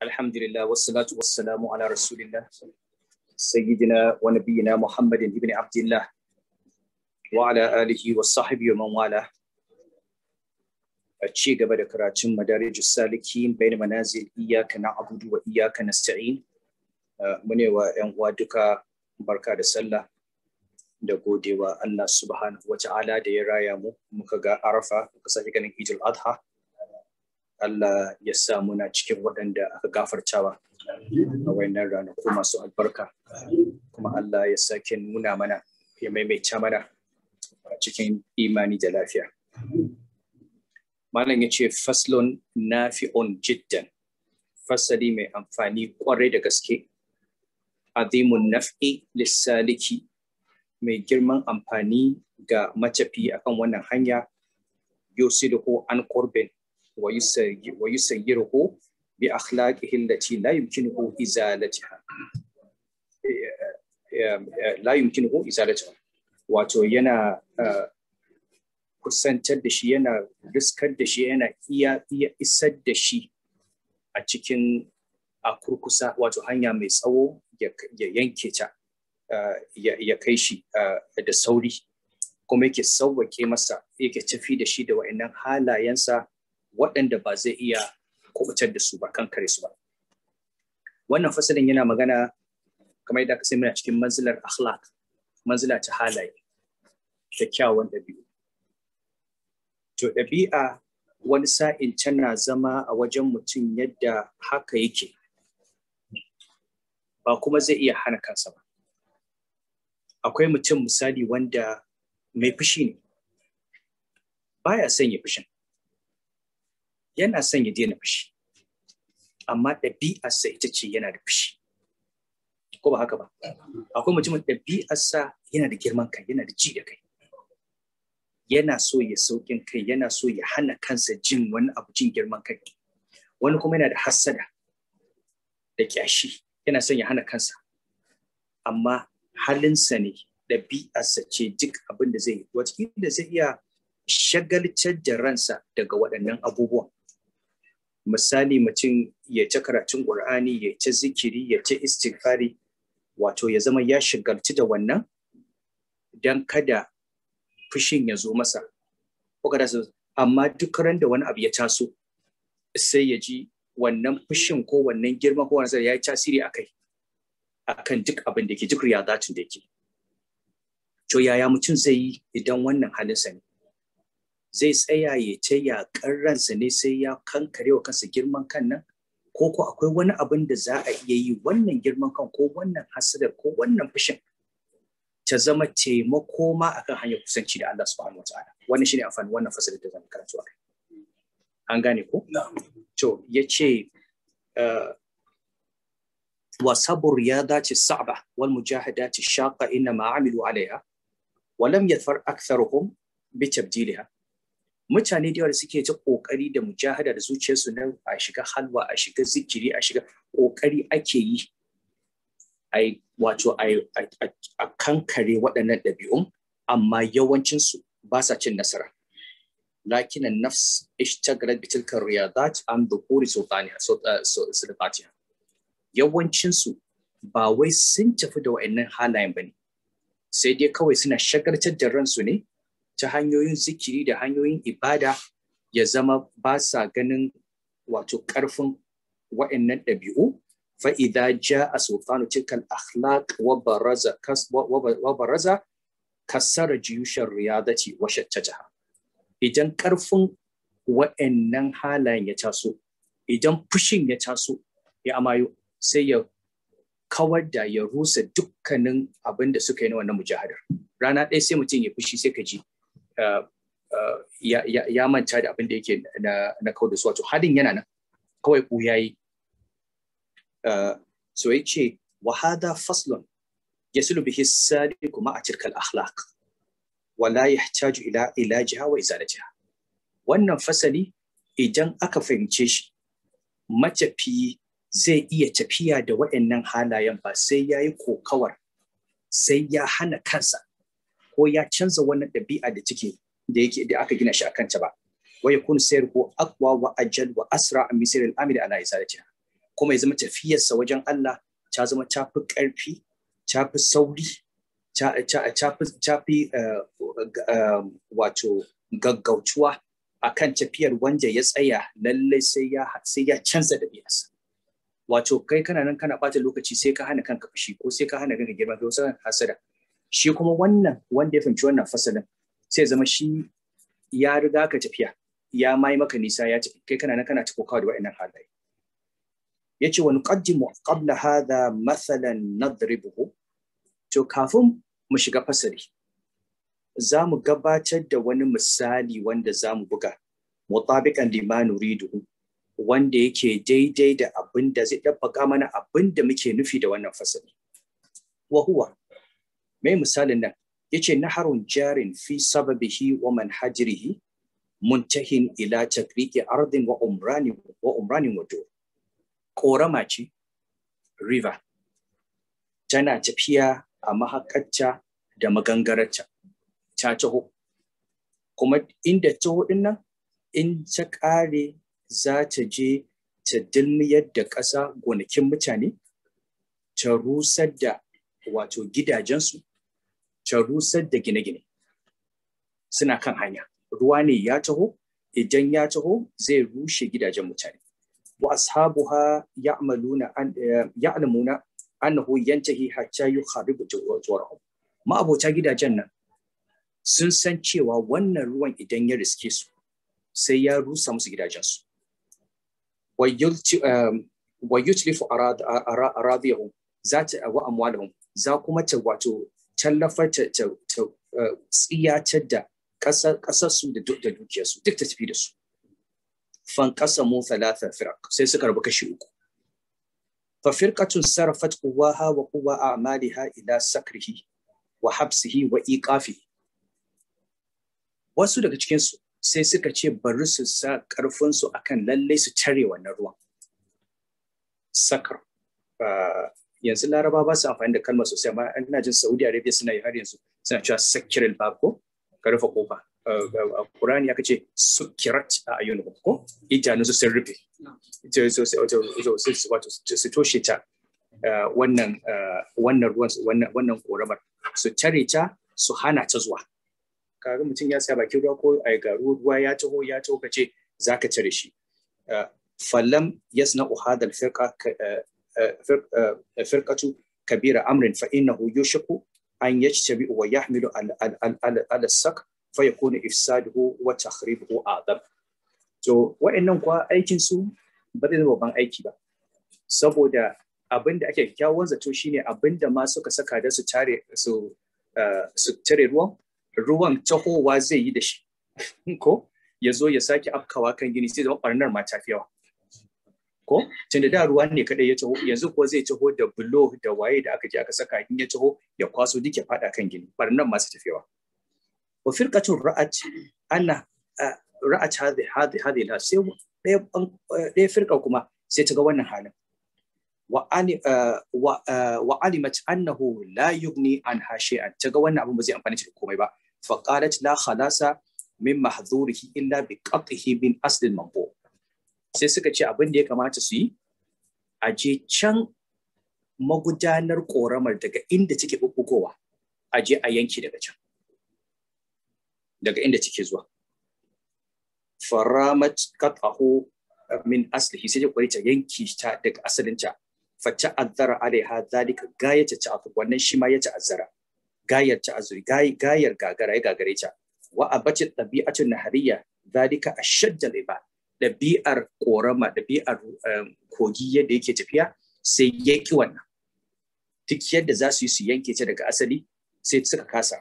الحمد لله والصلاة والسلام على رسول الله سيدنا ونبينا محمد بن عبد الله وعلى آله وصحبه ومن والاه ci gaba da karatun madarijus salikin bayan manazil iyaka na abudu wa iyaka nasta'in mune wa yan uwa duka barka da sallah da godewa Allah subhanahu wa da ya raya mu muka ga arafa muka sake ganin idul adha Allah ya sa muna cikin waɗanda aka gafartawa a wayannan ranaku masu albarka kuma Allah ya sake nuna mana ya maimaita mana a cikin imani da lafiya. Malam ya ce faslon on jiddan fasali mai amfani ƙwarai da gaske azimun naf'i lissaliki mai girman amfani ga matafi akan wannan hanya da ko an korbin ويسيره بأخلاقه التي لا يمكنه إزالتها لا يمكنه إزالتها wato yana eh, kusantar da shi yana riskar da shi yana iya iya isar da shi a cikin a kurkusa wato hanya mai tsawo ya yanke ta eh, ya kai shi eh, da sauri kuma yake sauwake masa yake tafi da shi da wa'annan halayensa waɗanda ba zai iya kubutar da su ba kan kare su ba wannan fasalin yana magana kamar yadda aka sai muna cikin manzilar akhlaq manzila ta halaye kyawun ɗabi'u to ɗabi'a wani sa'in tana zama a wajen mutum yadda haka yake ba kuma zai iya hana kansa ba akwai mutum misali wanda mai fushi ne baya son ya fushin yana son ya daina fushi amma ɗabi'arsa ita ce yana da fushi ko ba haka ba akwai mutumin ɗabi'arsa yana da girman kai yana da ji da kai yana so ya saukin kai yana so ya hana kansa jin wani abu jin girman kai wani kuma yana da hassada da kyashi yana son ya hana kansa amma halinsa ne ɗabi'arsa ce duk abin da zai yi wataƙila zai iya shagaltar da ransa daga waɗannan abubuwan misali mutum ya ci karatun ƙur'ani ya ci zikiri ya ci istighfari wato ya zama ya shigarci da wannan don kada fushin ya zo masa amma duk ran da wani abu ya taso sai ya ji wannan fushin ko wannan girma ko wannan ya yi tasiri a kai akan duk abin da ke duk riyadatin da ke to yaya mutum zai yi idan wannan halinsa ne zai tsaya ya ce ransa ne sai ya kankare wa kansa girman kan nan ko ko akwai wani abin da za a iya yi wannan girman kan ko wannan hasadar ko wannan fushin ta zama taimako ma akan hanyar kusanci da Allah subhanahu wa ta'ala wannan shine amfani wannan fasali da zan karatu akai an gane ko to yace ah, wa sabr ya dace sa'ba wal mujahadati shaqa inna ma alayha alaiha wa lam yafar aktharuhum bi tabdilha mutane da yawa da suke ta kokari da mujahada da zuciyarsu nan a shiga halwa a shiga zikiri a shiga kokari ake yi ai wato a kankare waɗannan ɗabi'un amma yawancinsu ba sa cin nasara lakin nafs ishtagarat bi tilka riyadat an dhukuri sultaniha eh, sultaniha yawancinsu ba wai sun tafi da wa'annan halayen bane sai dai kawai suna shagartar da ransu ne ta hanyoyin zikiri da hanyoyin ibada ya zama ba sa ganin wato ƙarfin wa'annan ɗabi'u a جاء cikin تلك الأخلاق kasara jiyushin كسر جيوش ta jaha idan ƙarfin wa'annan halayen ya taso idan fushin ya taso ya amayo sai ya kawar da ya rusa dukkanin abin da suka yi na wannan mujahadar rana ɗaya sai mutum ya fushi sai ka ji Uh, ya manta da abin da yake na kawo da su wato hadin yana nan kawai ku yayi uh, so ya ce wa hada faslun yasilu bihi sadiqu a tilkal akhlaq wa la yahtaju ila ilajiha wa izalatiha wannan fasali idan aka fahimce shi macafi zai iya tafiya da waɗannan halayen ba sai ya yi kokawar sai ya hana kansa ko ya canza wannan ɗabi'a da take da yake da aka gina shi a kanta ba wa yakun ko aqwa wa ajal wa asra min sirr al-amir ala izalatiha kuma ya zama tafiyarsa wajen Allah ta zama ta fi ƙarfi ta fi sauri ta fi eh, eh, wato gaggautuwa akan tafiyar wanda ya tsaya lallai sai ya sai ya canza ɗabi'arsa wato kai kana nan kana bata lokaci sai ka hana kanka fushi ko sai ka hana kanka girma ko sai hasada shi kuma wannan wanda ya fahimci wannan fasalin sai zama shi ya riga ka tafiya ya mai maka nisa ya tafi kai kana na kana ta kokawa da wa'annan halaye yace wa nuqaddimu qabla hadha mathalan nadribuhu to kafin mu shiga fasali za mu gabatar da wani misali wanda za mu buga mutabiqan lima nuriduhu wanda yake daidai da abin da zai dabbaka mana abin da muke nufi da wannan fasali wa Mai misalin nan yace naharun jarin fi sababihi wa manhajrihi muntahin ila takriki ardin wa umrani wa umrani wato korama ce river tana tafiya a mahakarta da magangararta ta taho kuma inda ta din nan in ta kare za ta je ta dilmiyar da ƙasa gonakin mutane ta rusar da wato gidajensu can rusar da gine-gine suna kan hanya ruwa ne ya taho idan ya taho zai rushe gidajen mutane wa ashabuha ya'maluna eh, ya'lamuna annahu yantahi hatta yukharibu jawrahum ma abota gidajen nan sun san cewa wannan ruwan idan ya riske su sai ya rusa musu gidajen gidajensu wa eh, yutlifu aradiyahum za ta wa amwalahum za kuma ta wato tallafa ta uh, tsiyatar da ƙasarsu da su duk ta tafi da su fan ƙasa mu thalatha firak sai suka rabu kashi uku fa firqatun sarafat quwwaha wa quwwa a'maliha ila sakrihi wa habsihi wa iqafi wasu daga cikin su sai suka ce bari su sa karfin su akan lalle su tare wannan ruwan sakar uh, yanzu laraba ba su amfani da kalmar sosai amma ina jin saudi arabia suna yi har yanzu suna cewa sakirin ba ko ka rufe kofa eh, a kurani aka ce sukirat a ba ko idanu su sun rufe su toshe ta eh, eh, wannan ruwan wannan koramar su tare ta su hana ta zuwa kaga mutum ya sa bakin ruwa ko a ga ruwa ya taho ya taho ka ce zaka tare shi falam yasna uhadal firqa firqatu kabira amrin fa innahu yushiku an yajtabi wa yahmilu ala sak fa yakunu ifsaduhu wa takhribuhu to wa'annan kuwa aikin su ba zai zama ban aiki ba saboda abin da ake kyawun zato shine abin da ma suka saka da su tare su uh, su tare ruwan ruwan tahowa zai yi da shi ko ya zo ya sake afkawa kan gini sai zama ɓarnar ma tafiyawa. ko tunda da ruwa ne kadai ya taho yanzu ko zai taho da bulo da waye da aka je aka saka in ya taho ya kwaso duk ya fada kan gini barnan masu tafiyawa. wa firqatu ra'at anna ra'at hadhi hadhi hadhi la sai dai firqa kuma sai ta ga wannan halin wa alimat annahu la yugni an hashi'an ta ga wannan abin ba zai amfani da komai ba fa qalat la khalasa min mahdhurihi illa bi qatihi bin asl al sai suka ce abin da ya kamata su yi a je can magudanar ƙoramar daga inda take ɓuɓɓugowa a je a yanki daga can daga inda take zuwa faramat katahu min aslihi sai ya ta yanki ta daga asalinta fata azzara alaiha zalika gayata ta wannan shi ma ya ta'azzara gayar ta'azzuri gayar gagara ya gagare ta wa abati tabi'atun nahariya zalika ashadd al-ibad ɗabi'ar ƙorama, ɗabi'ar eh, kogi yadda yake tafiya sai ya ƙi wannan duk yadda za su yi su yanke ta daga asali sai suka kasa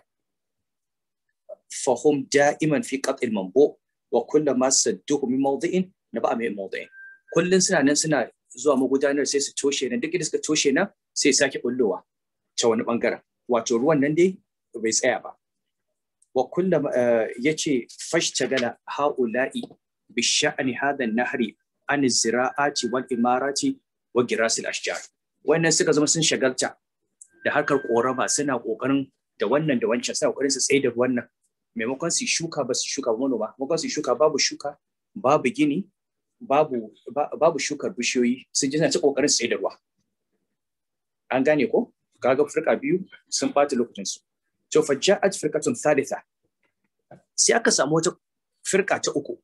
fahum da'iman fi qat'il manbu wa kullama sadduhu min mawdi'in na ba'a mai mawdi'in kullun suna nan suna zuwa magudanar sai su toshe nan duk da suka toshe nan sai sake bullowa ta wani bangaren wato ruwan nan dai bai tsaya ba wa kullama eh, yace fashtagala ha'ula'i bishani hadha nahri an zira'ati wal imarati wa girasil ashjar wannan suka zama sun shagalta da harkar korama suna kokarin da wannan da wancan suna kokarin su tsaye da wannan maimakon su shuka ba su shuka manoma maimakon su shuka babu shuka babu gini babu babu shukar bishiyoyi sun ji ta kokarin tsaye da ruwa an gane ko kaga firka biyu sun bata lokacin su to fa ja'at firqatun thalitha sai aka samu wata firka ta uku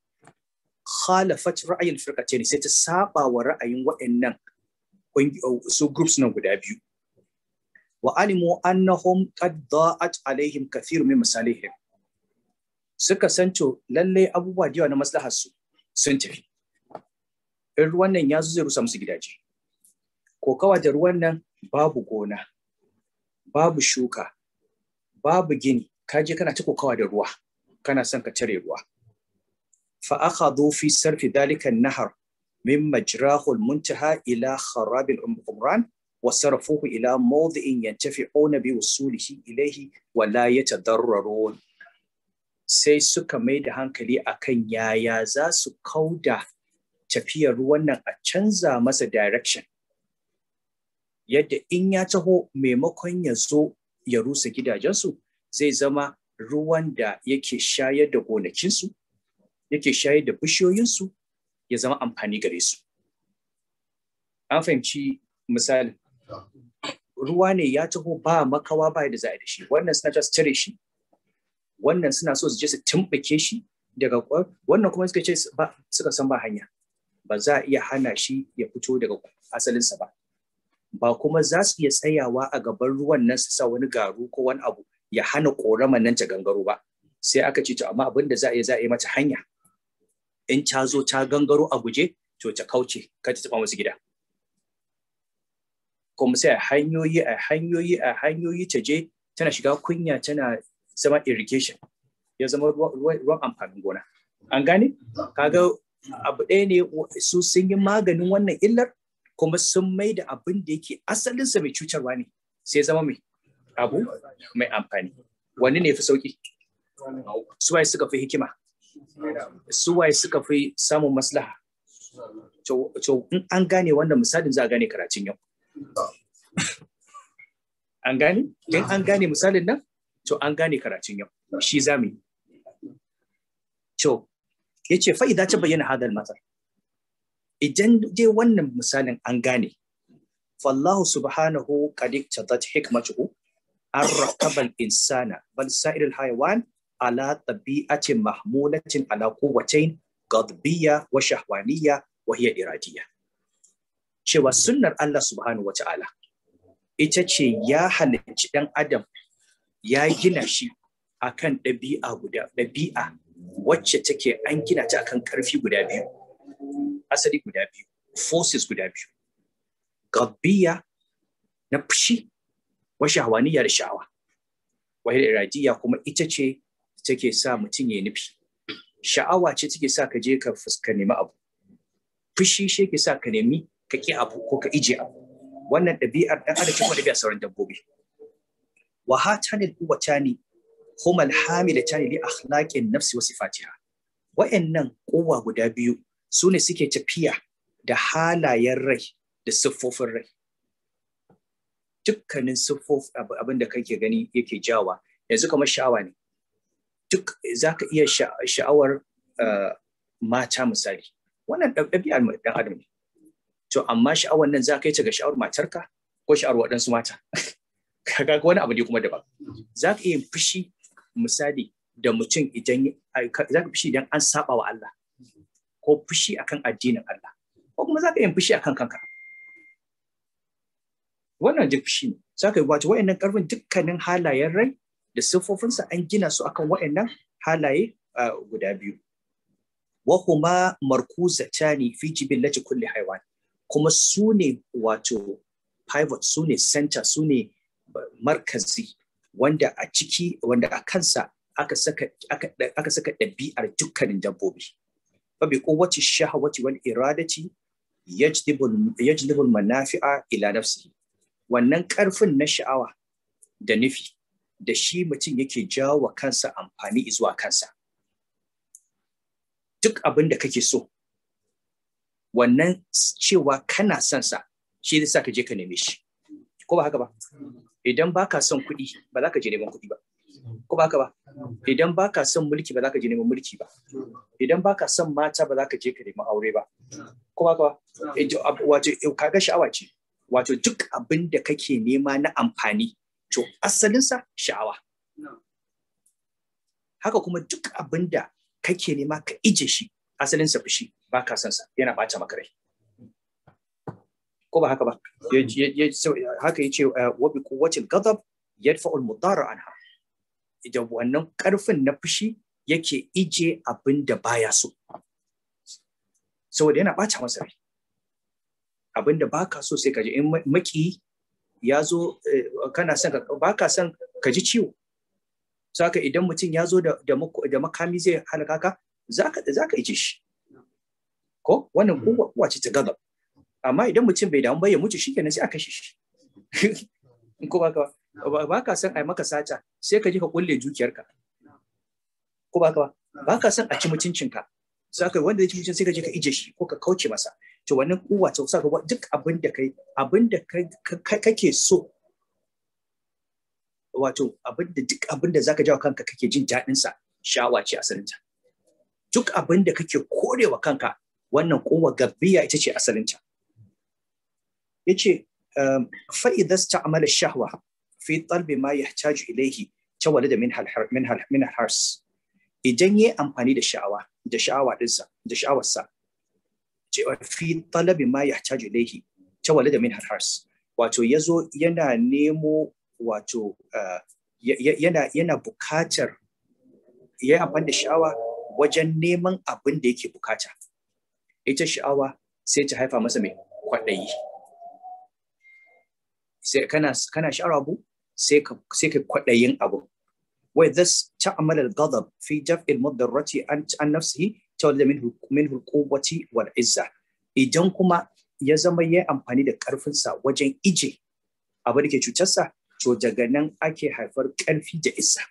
khalafat ra'ayin ne sai ta saba wa ra'ayin waɗannan oh, su groups nan guda biyu wa alimu annahum qad da'at alaihim kathir min masalihim suka san to lalle abubuwa da yawa na maslahar su sun tafi in ruwan nan ya zo zai rusa musu gidaje ko kawa da ruwan nan babu gona babu shuka babu gini kaje kana ta kokawa da ruwa kana son ka tare ruwa فأخذوا في سرف ذلك النهر من مجراه المنتهى إلى خراب العمران وصرفوه إلى موضع ينتفعون بوصوله إليه ولا يتضررون sai suka mai da hankali akan yaya za su kauda tafiyar ruwan nan a canza masa direction yadda in ya taho maimakon ya zo ya rusa gidajensu zai zama ruwan da yake shayar da gonakinsu yake shayar da bishiyoyinsu ya zama amfani gare su. An fahimci misali, ruwa ne ya taho ba makawa ba da za da shi, wannan suna just cire shi, wannan suna so su je su tumɓuke shi daga wannan kuma suka ce suka san ba hanya, ba za a iya hana shi ya fito daga asalinsa ba. Ba kuma za su iya tsayawa a gaban ruwan nan su sa wani garu ko wani abu ya hana ƙoraman nan ta gangaro ba. Sai aka ce to amma abin da za a yi za a yi mata hanya. in ta zo ta gangaro a guje to ta kauce ka ta taba musu gida kuma sai hanyoyi a hanyoyi a hanyoyi ta je tana shiga kunya tana zama irrigation ya zama ruwan amfanin gona an gane kaga abu ɗaya ne su sun yi maganin wannan illar kuma sun mai da abin da yake asalinsa mai cutarwa ne sai zama mai abu mai amfani wani ne fi sauki su suka fi hikima suwaye suka fi samun maslaha to in an gane wannan misalin za a gane karatun yau an gane in an gane misalin nan to an gane karatun yau shi zamu yi to yace fa idan ta bayyana hadal matar? idan dai wannan misalin an gane fallahu subhanahu qad iktadat hikmatuhu an rakaba al-insana bal sa'ir al-hayawan ala tabi'atin mahmulatin ala kowatain gadbiyya wa shahwaniyya wa hiya iradiyya cewa sunnar Allah subhanahu wata'ala ita ce ya halicci ɗan adam ya gina shi akan ɗabi'a wacce take an gina ta akan karfi guda biyu asali guda biyu forces guda biyu gadbiyya na fushi wa shahwaniyya da sha'awa wahil iradiya kuma ita ce take sa mutum ya nufi sha'awa ce take sa ka je ka fuska nemi abu fushi shi ke sa ka nemi ka ki abu ko ka ije abu wannan ɗabi'ar ɗan adam ce ɗabi'ar sauran dabbobi wa hatanil quwwatani huma alhamilatani li akhlaqin nafsi wa sifatiha wa'annan kowa guda biyu su ne suke tafiya da halayen rai da siffofin rai dukkanin siffofin abin da kake gani yake jawa yanzu kamar sha'awa ne duk za ka iya sha'awar eh, mata misali wannan ɗabi'ar ɗan adam ne to amma sha'awar nan za ka yi ta ga sha'awar matarka ko sha'awar waɗansu mata kaga wani abu ne kuma daban za ka iya fushi misali da mutum idan za ka fushi idan an saba wa Allah ko fushi akan addinin Allah ko kuma za ka iya fushi akan kanka wannan duk fushi ne za ka yi wato wa'annan ƙarfin dukkanin halayen rai da siffofinsa an gina su akan waɗannan halaye guda biyu wa kuma markuzatani fi jibillati kulli haiwan kuma su ne wato pivot su ne center su ne markazi wanda a ciki wanda a kansa aka saka aka saka ɗabi'ar dukkanin dabbobi babi bi wace shahawati wal iradati yajdibu yajdibul manafi'a ila nafsihi wannan karfin na sha'awa da nufi da shi mutum yake jawo wa kansa amfani zuwa kansa. Duk abin da kake so, wannan cewa kana son sa shi zai sa ka je ka neme shi. Ko ba haka ba? Idan ba ka son kuɗi, ba za ka je neman kuɗi ba. Ko ba haka ba? Idan ba ka son mulki, ba za ka je neman mulki ba. Idan ba ka son mata, ba za ka je ka nemi aure ba. Ko ba haka ba? Wato, eh, kaga sha'awa ce. Wato, duk abin da kake nema na amfani, to asalinsa sha'awa haka kuma duk abin da kake nema ka ije shi asalinsa fushi ba ka son sa yana bata maka rai ko ba haka ba haka yace eh, wa bi quwwatil ghadab yadfa'u al-mudara anha da wannan karfin na fushi yake ije abin da baya so saboda yana bata masa rai abin da baka so sai ka in maki ya zo eh, kana son ba ka son ka ji ciwo saka idan mutum ya zo da makami zai halaka ka za ka ije shi ko wannan hmm. kowa ce ta gaza amma idan mutum bai damu ba ya mutu shikenan sai aka shi in ko baka ba ka san ai maka sata sai ka ji ka kulle dukiyarka ko baka ba ba ka san a ci mutuncinka saka wanda ya ci mutuncin sai ka je ka ije shi ko ka kauce masa to wannan kuwa ta usarwa duk abin da kai abin da kake so wato abin da duk abin da zaka jawo kanka kake jin daɗin sa shawa ce asalinta duk abin da kake korewa kanka wannan kuwa gabbiya ita ce asalinta yace um, fa idza sta'mala shahwa fi talbi ma yahtaju ilayhi tawalada min min min hars idan yayi amfani da sha'awa da sha'awa dinsa da sha'awarsa cewa fi talabi ma yahtaju ta tawalla da min harhars wato yazo yana nemo wato eh, yana yana bukatar ya amfani da sha'awa wajen neman abin da yake bukata ita sha'awa sai ta haifa masa mai kwaɗayi sai kana kana sha'awar abu sai ka sai ka kwaɗayin abu wai this ta'amal al-ghadab fi jaf'il mudarrati an an nafsihi istawlada minhu al-quwwati wal izza idan kuma ya zama ya amfani da karfinsa wajen ije abu da ke cutarsa to daga nan ake haifar karfi da izza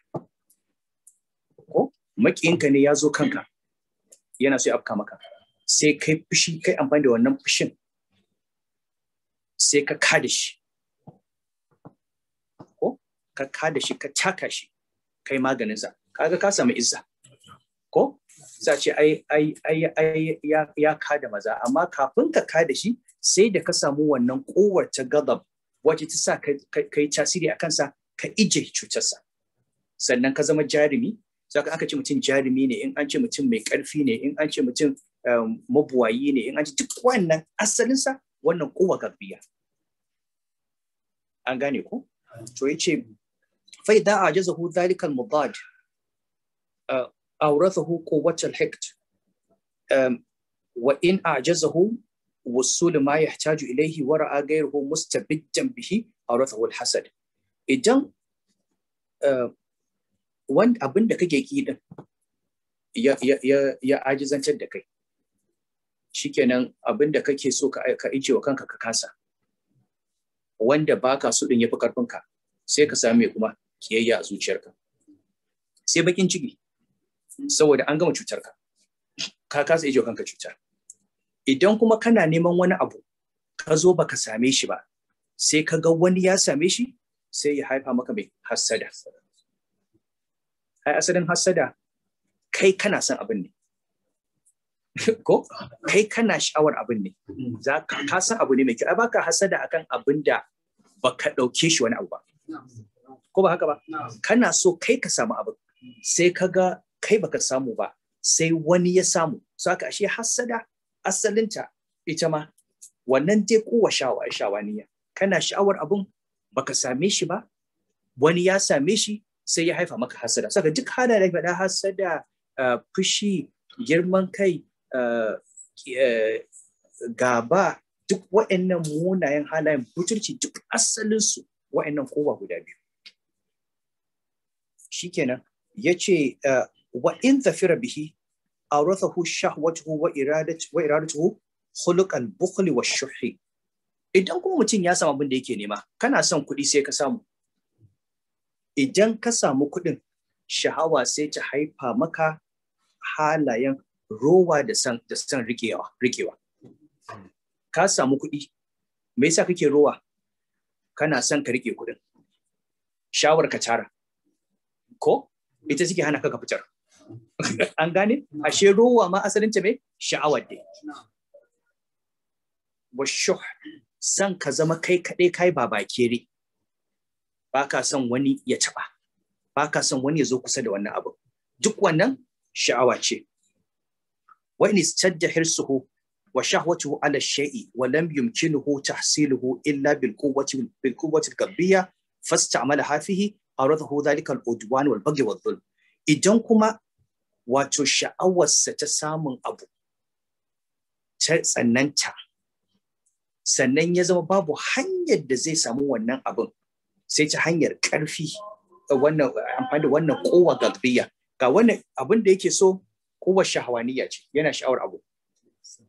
ko makiyinka ne ya zo kanka yana so ya afka maka sai kai fushi kai amfani da wannan fushin sai ka kada shi ko ka kada shi ka taka shi kai maganinsa kaga ka samu izza ko za ce ai ai ai ya ya kada maza amma kafin ka kada shi sai da ka samu wannan kowar ta gadab wacce ta sa ka yi tasiri a kansa ka ije cutarsa sannan ka zama jarumi za ka aka ce mutum jarumi ne in an ce mutum mai karfi ne in an ce mutum um, mabuwayi ne in an ce duk wannan asalinsa wannan kowa garbiya an gane ko to yace fa idan ajazahu zalikal mudad uh, aurathahu quwwatul hiqd wa in ajazahu wasulu ma yahtaju ilayhi wa ra'a ghayruhu mustabiddan bihi aurathahu al-hasad idan wanda da kake ki din ya ya ya ajizantar kai shikenan abin da kake so ka ka ije wa kanka ka kasa wanda baka so din yafi karfin ka sai ka same kuma kiyayya a zuciyarka sai bakin ciki saboda an gama cutar ka ka kasa ijo kanka cuta idan kuma kana neman wani abu ka zo baka same shi ba sai ka ga wani ya same shi sai ya haifa maka mai hassada ai asalin hassada kai kana son abin ne ko kai kana sha'awar abin ne za ka san abu ne mai kyau ai baka hasada akan abin da baka dauke shi wani abu ba ko ba haka ba kana so kai ka samu abin sai ka ga kai baka samu ba sai wani ya samu so aka ashe hassada asalinta ita ma wannan dai kowa shawa shawaniya kana sha'awar abun baka same shi ba wani ya same shi sai ya haifa maka hasada saka duk hana da faɗa hasada eh, fushi girman kai eh, eh, gaba duk wa'annan munayen halayen butulci duk asalinsu wa'annan kowa guda biyu shikenan ya ce wa in zafira bihi awrathahu shahwatuhu wa iradatu wa iradatuhu idan kuma mutum ya samu abin da yake nema kana son kuɗi sai ka samu idan ka samu kuɗin shahawa sai ta haifa maka halayen rowa da san da san rikewa rikewa ka samu kuɗi me yasa kake rowa kana son ka rike kuɗin shawar ka tara ko ita suke hana ka fitar an gane ashe ruwa ma asalin ta me sha'awar dai wa shuh san ka zama kai kaɗai kai ba bakere ba ka son wani ya taɓa ba ka son wani ya zo kusa da wannan abu duk wannan sha'awa ce wa in istadda hirsuhu wa shahwatuhu ala shay'i wa lam yumkinuhu tahsiluhu illa bil quwwati bil quwwati qalbiyya fastamala hafihi aradahu dhalika al udwan wal baghy wal dhulm idan kuma wato sha'awarsa ta samun abu ta tsananta sannan ya zama babu hanyar da zai samu wannan abin sai ta hanyar ƙarfi eh, wannan amfani da wannan kowa gagriya ga wannan abin da yake so kowa shahawaniya ce yana sha'awar abu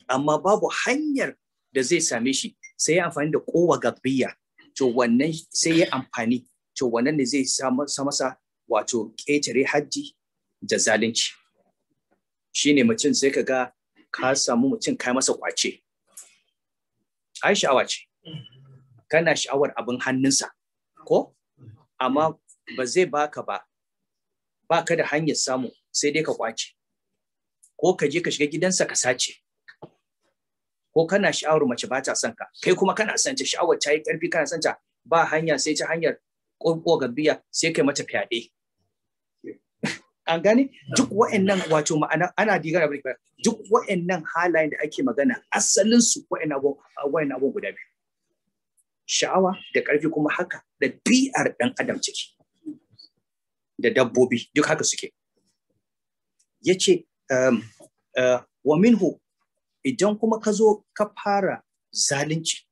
amma babu hanyar da zai same shi sai ya amfani da kowa gagriya to wannan sai ya amfani to wannan ne zai sa masa wato ƙetare hajji da zalunci shine mutum sai ka ga ka samu mutum kai masa kwace ai sha'awa ce kana sha'awar abin hannunsa ko amma ba zai baka ba ba ka da hanyar samu sai dai ka kwace ko ka je ka shiga gidansa ka sace ko kana sha'awar mace ba ta son ka kai kuma kana son ta sha'awar ta yi karfi kana son ta ba hanya sai ta hanyar ƙoƙo gabbiya sai kai mata fyaɗe an gane duk wa'annan wato ma'ana ana digara bari duk wa'annan halayen da ake magana asalin su wa'annan abun guda biyu sha'awa da ƙarfi kuma haka da biyar ɗan adam ciki da dabbobi duk haka suke ya ce um, uh, wa minhu idan kuma ka zo ka fara zalunci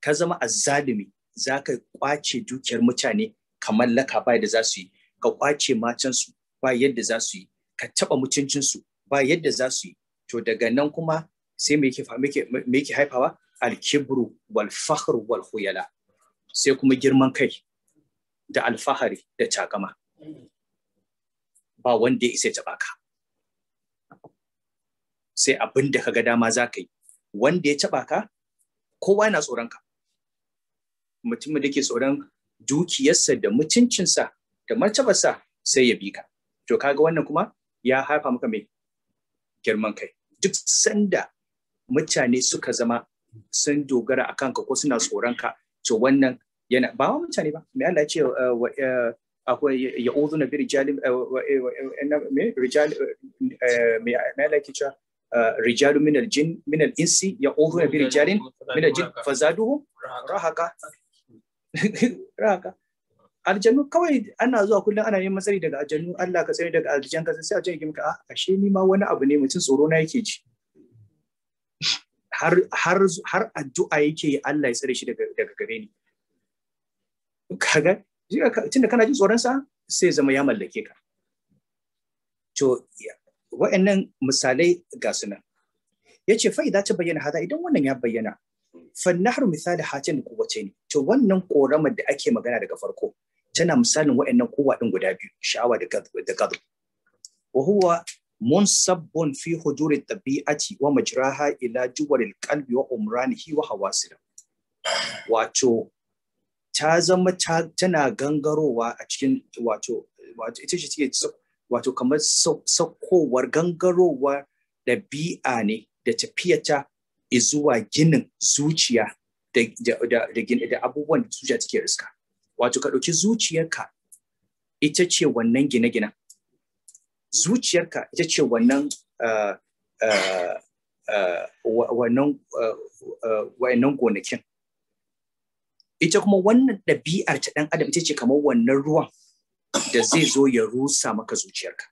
ka zama azzalumi za ka kwace dukiyar mutane ka mallaka bai da za su yi ka kwace matansu ba yadda za su yi ka taɓa mutuncinsu ba yadda za su yi to daga nan kuma sai me yake haifawa alkibru wal fakhr wal khuyala sai kuma girman kai da alfahari da takama ba wanda ya isa taɓa ka sai abin da ka ga dama za ka yi wanda ya taɓa ka kowa yana tsoron ka mutumin da ke tsoron dukiyarsa da mutuncinsa da sa sai ya bi ka to kaga wannan kuma ya haifa maka mai girman kai duk sanda mutane suka zama sun dogara a kanka ko suna tsoron ka to wannan yana ba wa mutane ba mai Allah ya ce uh, uh, akwai ya uzu na bi mai rijali mai Allah ke cewa uh, rijalu minal jin minal insi ya uzu na rijalin? minal jin fazaduhu rahaka rahaka aljanu kawai ana zuwa kullum ana neman matsari daga aljanu Allah ka tsare daga aljan ka sai aljanu gimka a ashe ni ma wani abu ne mutum tsoro na yake ji har har har addu'a yake yi Allah ya tsare shi daga daga gare ni kaga tunda kana jin tsoron sa sai zama ya mallake ka to wa'annan misalai ga su nan yace fa idan ta bayyana hada idan wannan ya bayyana fannahar misali hatin kuwace ne to wannan koramar da ake magana daga farko tana misalin wa'annan kowa din guda biyu sha'awa da gado wa huwa munsabbun fi huduri tabi'ati wa majraha ila juwaril qalbi wa umranihi wa hawasila wato ta zama tana gangarowa a cikin wato wato ita ce wato kamar saukowar gangarowa ɗabi'a ne da tafiyata izuwa ginin zuciya da abubuwan da zuciya take riska wato ka ɗauki zuciyarka ita ce wannan gine-ginen zuciyarka ita ce wannan ah, ah, ah, wannan gonakin ita kuma wannan ɗabi'ar ta ɗan adam ita ce kamar wannan ruwan da zai zo ya rusa maka zuciyarka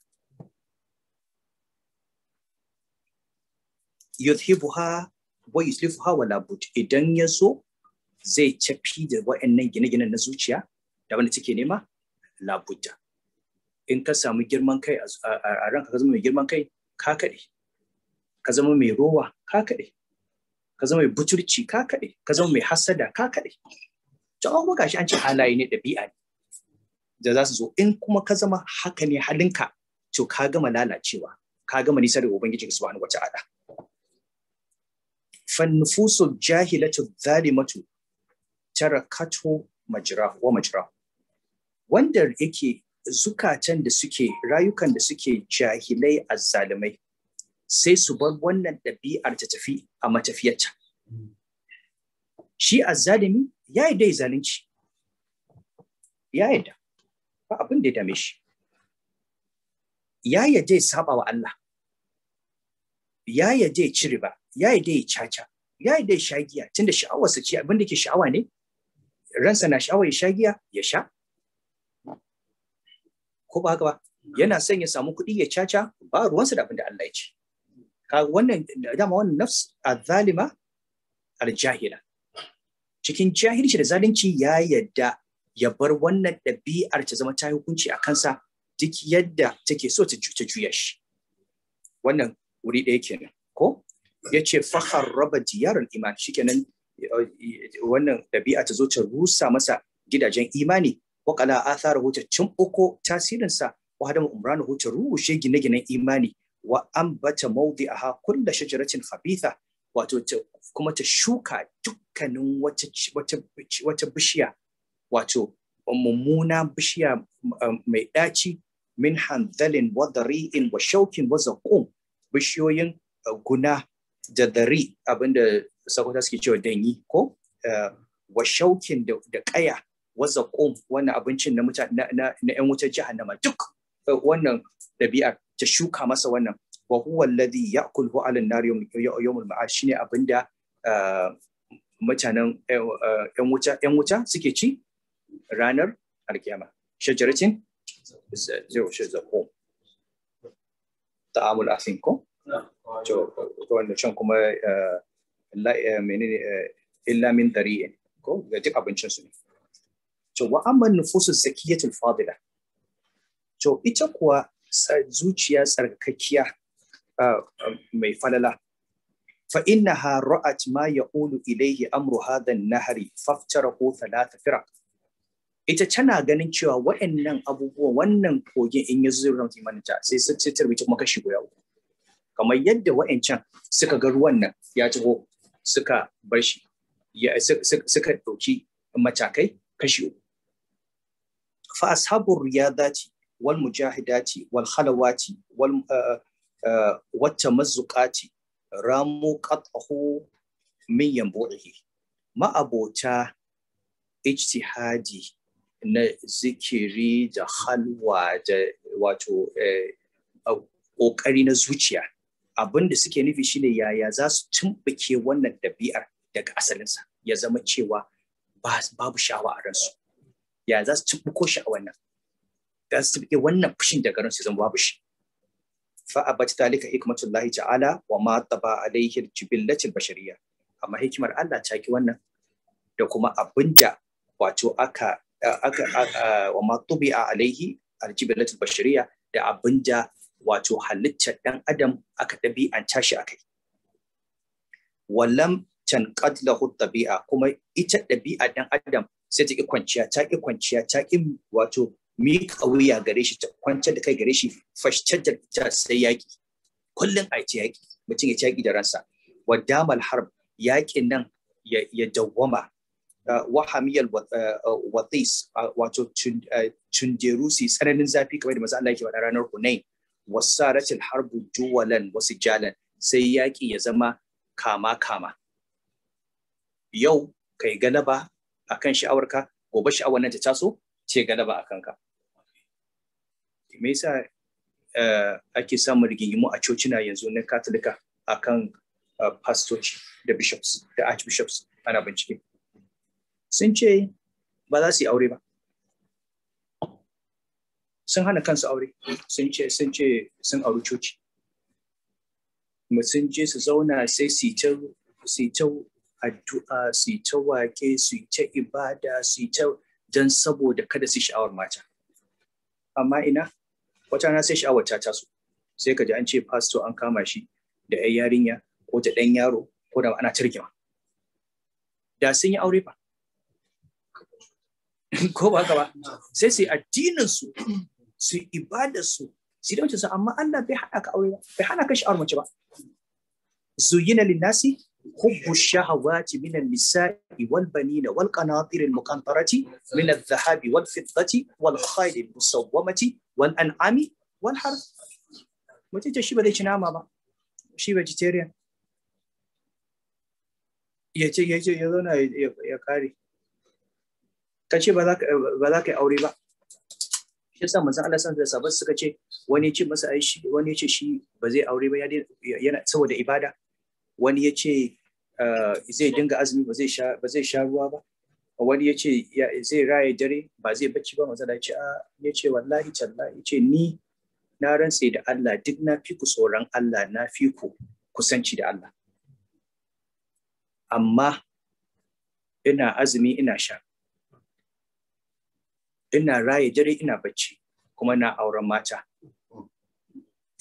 yuthibuha wa yuslifuha wala bud idan ya zo zai cafi da wa'annan gine-ginen na zuciya da wanda take nema labudda in ka samu girman kai a ranka ka zama mai girman kai ka kaɗe ka zama mai rowa ka kaɗe ka zama mai buturci ka kaɗe ka zama mai hasada ka kaɗe to an gashi an ce halaye ne ɗabi'a ne da za su zo in kuma ka zama haka ne halinka to ka gama lalacewa ka gama nisa da ubangiji subhanahu wata'ala fan nufusul jahilatu zalimatu Tarakato majra wa majira, wanda yake zukatan da suke rayukan da suke jahilai azzalumai sai su bar wannan ɗabi'ar ta tafi a matafiyarta shi azzalumi ya yi dai zalunci ya da, ba abin da ya dame shi ya yi ya saba wa Allah ya yi ya ci ba ya yi dai caca ya yi dai shagiya tunda sha'awarsa ce abin da ke sha'awa ne ransa na sha'awa ya sha giya ya sha ko ba haka ba yana son ya samu kuɗi ya caca ba ruwansa da abin da Allah ya ce ka wannan dama wannan nafs azalima aljahila cikin jahilci da zalunci ya yadda ya bar wannan ɗabi'ar ta zama ta hukunci a kansa duk yadda take so ta juya shi wannan wuri ɗaya kenan ko ya ce fahar raba diyarar iman shikenan wannan ɗabi'a ta zo ta rusa masa gidajen imani wa qala atharahu ta tasirin tasirinsa wa hadama umrana ta rushe gine-ginen imani wa ambata ha kulla shajaratin khabitha wato kuma ta shuka dukkanin wata bishiya wato mummuna bishiya um, mai ɗaci min hanzalin wa dari'in wa shaukin wa zaqum bishiyoyin uh, guna da dari abinda saboda suke cewa danyi ko eh, wa shaukin da kaya wazza kom wannan abincin na mutane na yan wutar jahannama duk eh, wannan ɗabi'ar ta shuka masa wannan wa huwa alladhi ya'kuluhu 'ala an-nar yawmul ma'ad shine abinda eh, mutanen yan wuta yan wuta suke ci ranar alkiyama shajaratin zero shazakum ta'amul asin ko to wannan can kuma Eh, menene eh, illa min dari'in ko ga duk abincin su ne to wa amman nufusu zakiyatul fadila to ita kuwa zuciya tsarkakiya ah, mai falala fa innaha ra'at ma yaqulu ilayhi amru hadha an-nahri faftarahu thalatha firaq ita tana ganin cewa waɗannan abubuwa wannan kogin in ya zuwa ramti manita sai sun ce tarbici kuma kashi guda uku kamar yadda waɗancan suka ga ruwan nan ya taho suka bar shi suka ɗauki matakai kashi uku. Fa ashabu riyadati wal mujahidati wal wata wal eh, eh, wacce mazuƙaci ramu ƙatsaho min yambu'ihi ma'abota ijtihadi na zikiri da halwa da wato eh, ƙoƙari na zuciya abin da suke nufi shine yaya za su tumɓuke wannan ɗabi'ar daga asalinsa ya zama cewa babu sha'awa a ransu ya za su tumɓuko sha'awar nan za su tumɓuke wannan fushin daga ransu ya zama babu shi fa abat talika hikmatullahi ta'ala wa ma taba alaihi jibillatil bashariya amma hikimar Allah ta ki wannan da kuma abinda wato aka aka wa ma tubi alaihi aljibillatil bashariya da abinda wato halittar ɗan adam aka ɗabi'anta shi akai wallam can lahu ɗabi'a kuma ita ɗabi'a ɗan adam sai ta ki kwanciya ta ki kwanciya ta ki wato miƙa wuya gare shi ta kwantar da kai gare shi fashtar da ta sai yaƙi kullum a ta yaƙi mutum ya ci da ransa wadamal harb yaƙin nan ya dawwama wahamiyal watis wato tunderusi tsananin zafi kamar da maza Allah yake wa ranar Hunain wasaratil harbu juwalan wasu jalan sai yaƙi ya zama kama kama yau kai galaba akan sha'awarka gobe sha'awar nan ta taso ce galaba a kanka me yasa eh, ake samun rigingimu a cocina yanzu na katolika kan eh, pastoci da bishops da archbishops ana bincike sun ce ba za su yi aure ba sun hana kansu aure sun ce sun ce sun auri coci mu sun je su zauna sai su ta su ta addu'a su ta wake su ta ibada su ta dan saboda kada su sha'awar mata amma ina wata na sai sha'awar ta taso sai ka ji an ce pastor an kama shi da 'yan yarinya ko da ɗan yaro ko da ana turkewa da sun yi aure ba ko ba ka ba sai su yi addinin su su yi ibadar su su da su amma Allah bai hana ka aure ba bai hana ka sha'awar mace ba zuyina linnasi hubbu shahawati min an-nisa'i wal banina wal qanatir al-muqantarati min adh-dhahabi wal fiddati wal khayl al-musawwamati wal an'ami wal harf mace ce shi ba zai ci nama ba shi vegetarian ya ce ya ce ya zauna ya kare ka ce ba za ka yi aure ba shi yasa manzon Allah san da sabon suka ce wani ce masa ai shi wani ya ce shi ba zai aure ba yana saboda ibada wani ya ce ah, zai dinga azumi ba zai sha ba zai sha ruwa ba wani ya ce zai raye dare ba zai bacci ba manzon Allah ya ce a ah, ya ce wallahi tallahi ya ce ni na rantse da Allah duk na fi ku tsoron Allah na fi ku kusanci da Allah amma ina azumi ina sha ina raye dare ina bacci kuma na auren mata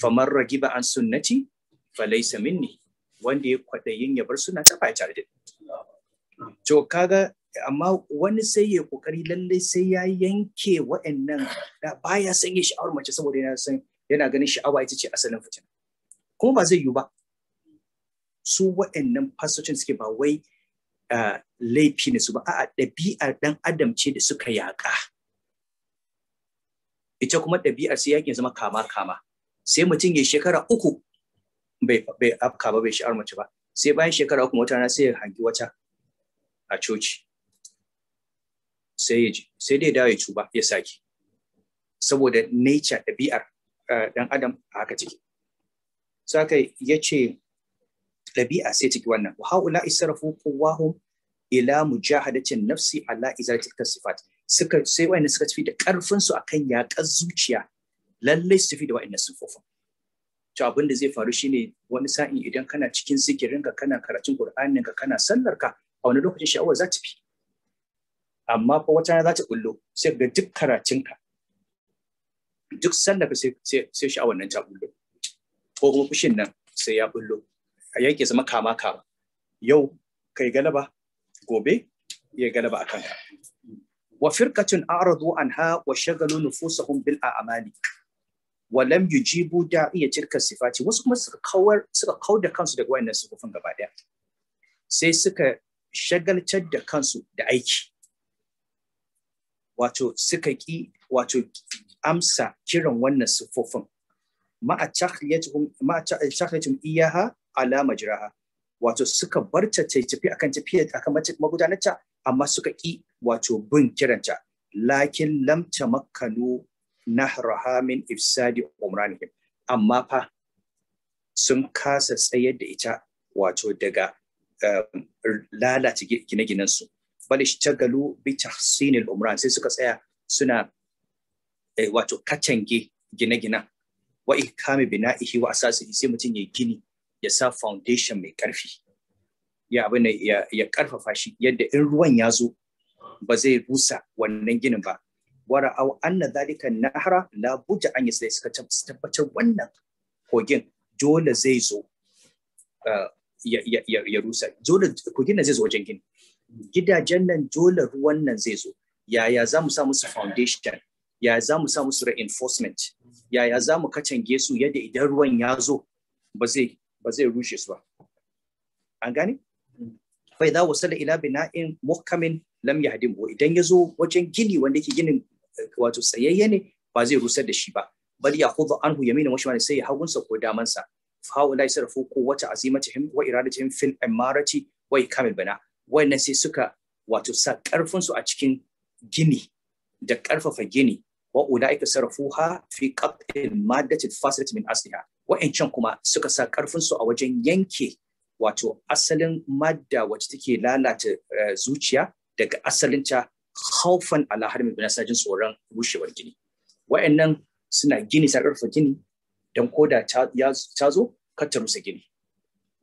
famar ragiba an sunnati falaisa minni wanda ya kwaɗayin ya bar suna tafa tare da to kaga amma wani sai ya kokari lallai sai ya yanke wa'annan da baya san ya sha'awar mace saboda yana san yana ganin sha'awa ita ce asalin fitina kuma ba zai yiwu ba su wa'annan fasocin suke ba wai ah, laifi ne su ba a'a ɗabi'ar ɗan adam ce da suka yaƙa ita kuma ɗabi'ar sai yakin zama kama kama sai mutum ya shekara uku bai bai afka ba bai sha'ar mace ba sai bayan shekara uku wata na sai ya hangi wata a coci sai ya sai dai dawo ya tuba ya saki saboda nature ɗabi'ar dan eh, adam a haka take saka ya ce ɗabi'a sai ciki wannan wa haula israfu quwwahum ila mujahadatin nafsi ala izalati sifat suka sai wa'annan suka tafi da karfin su akan yaƙar zuciya lallai su tafi da wa'annan sufofin to abin da zai faru shine wani sa'in idan kana cikin zikirin ka kana karatun qur'anin ka kana sallar ka a wani lokacin sha'awar za ta fi amma fa wata rana za ta kullo, sai ga duk karatun ka duk sallar ka sai sai sha'awar nan ta kullo. ko kuma fushin nan sai ya kullo a yake zama kama kama yau kai galaba gobe ya galaba akan ka wa firqatun a'radu anha wa shagalu nufusahum bil a'mali wa lam yujibu da'iya tilka sifati wasu kuma suka kawar kauda kansu daga wayannan sifofin gaba daya sai suka shagaltar da kansu da aiki wato amsa kiran wannan sifofin ma'a cakhliyatun iyaha alama majraha wato suka bar ta tafi akan tafiya akan magudanarta amma suka ƙi wato bin kiranta lakin lam tamakkanu nahraha min ifsadi umranihim amma fa sun kasa tsayar da ita wato daga um, lalata gine-ginen su bal ishtagalu bi tahsinil umran sai suka tsaya suna eh, wato katange gine-ginen wa ikami bina'ihi wa asasi sai mutum ya gini ya sa foundation mai karfi ya abin da ya karfafa shi yadda in ruwan ya zo ba zai rusa wannan ginin ba wara au anna zalika nahra la buja an yasai suka tabbatar wannan kogin dole zai zo eh, ya rusa dole kogin nan zai zo wajen gini gidajen nan dole ruwan nan zai zo yaya za mu sa musu foundation yaya za mu sa musu reinforcement yaya za mu kacange su yadda idan ruwan ya zo ba zai rushe su ba an gani? fa idza wasala ila bina'in muhkamin lam yahdimu idan yazo wajen gini wanda yake ginin wato sayayye ne ba zai rusar da shi ba bal yakhudhu anhu yamina wa shimala sai ya sa ko damansa fa haula yasrafu quwwata azimatihim wa iradatihim fil imarati wa ikamil bina Wannan sai suka wato sa karfin su a cikin gini da karfafa gini wa ulaika sarrafuha fi qat'il maddati fasilati min asliha wa'ancan kuma suka sa karfin su a wajen yanke wato asalin madda wacce take lalata eh, zuciya daga asalinta haufan alahar mai bin sajin tsoron rushewar gini wa'annan suna gini ta karfa gini don koda ta zo kar ta rusa gini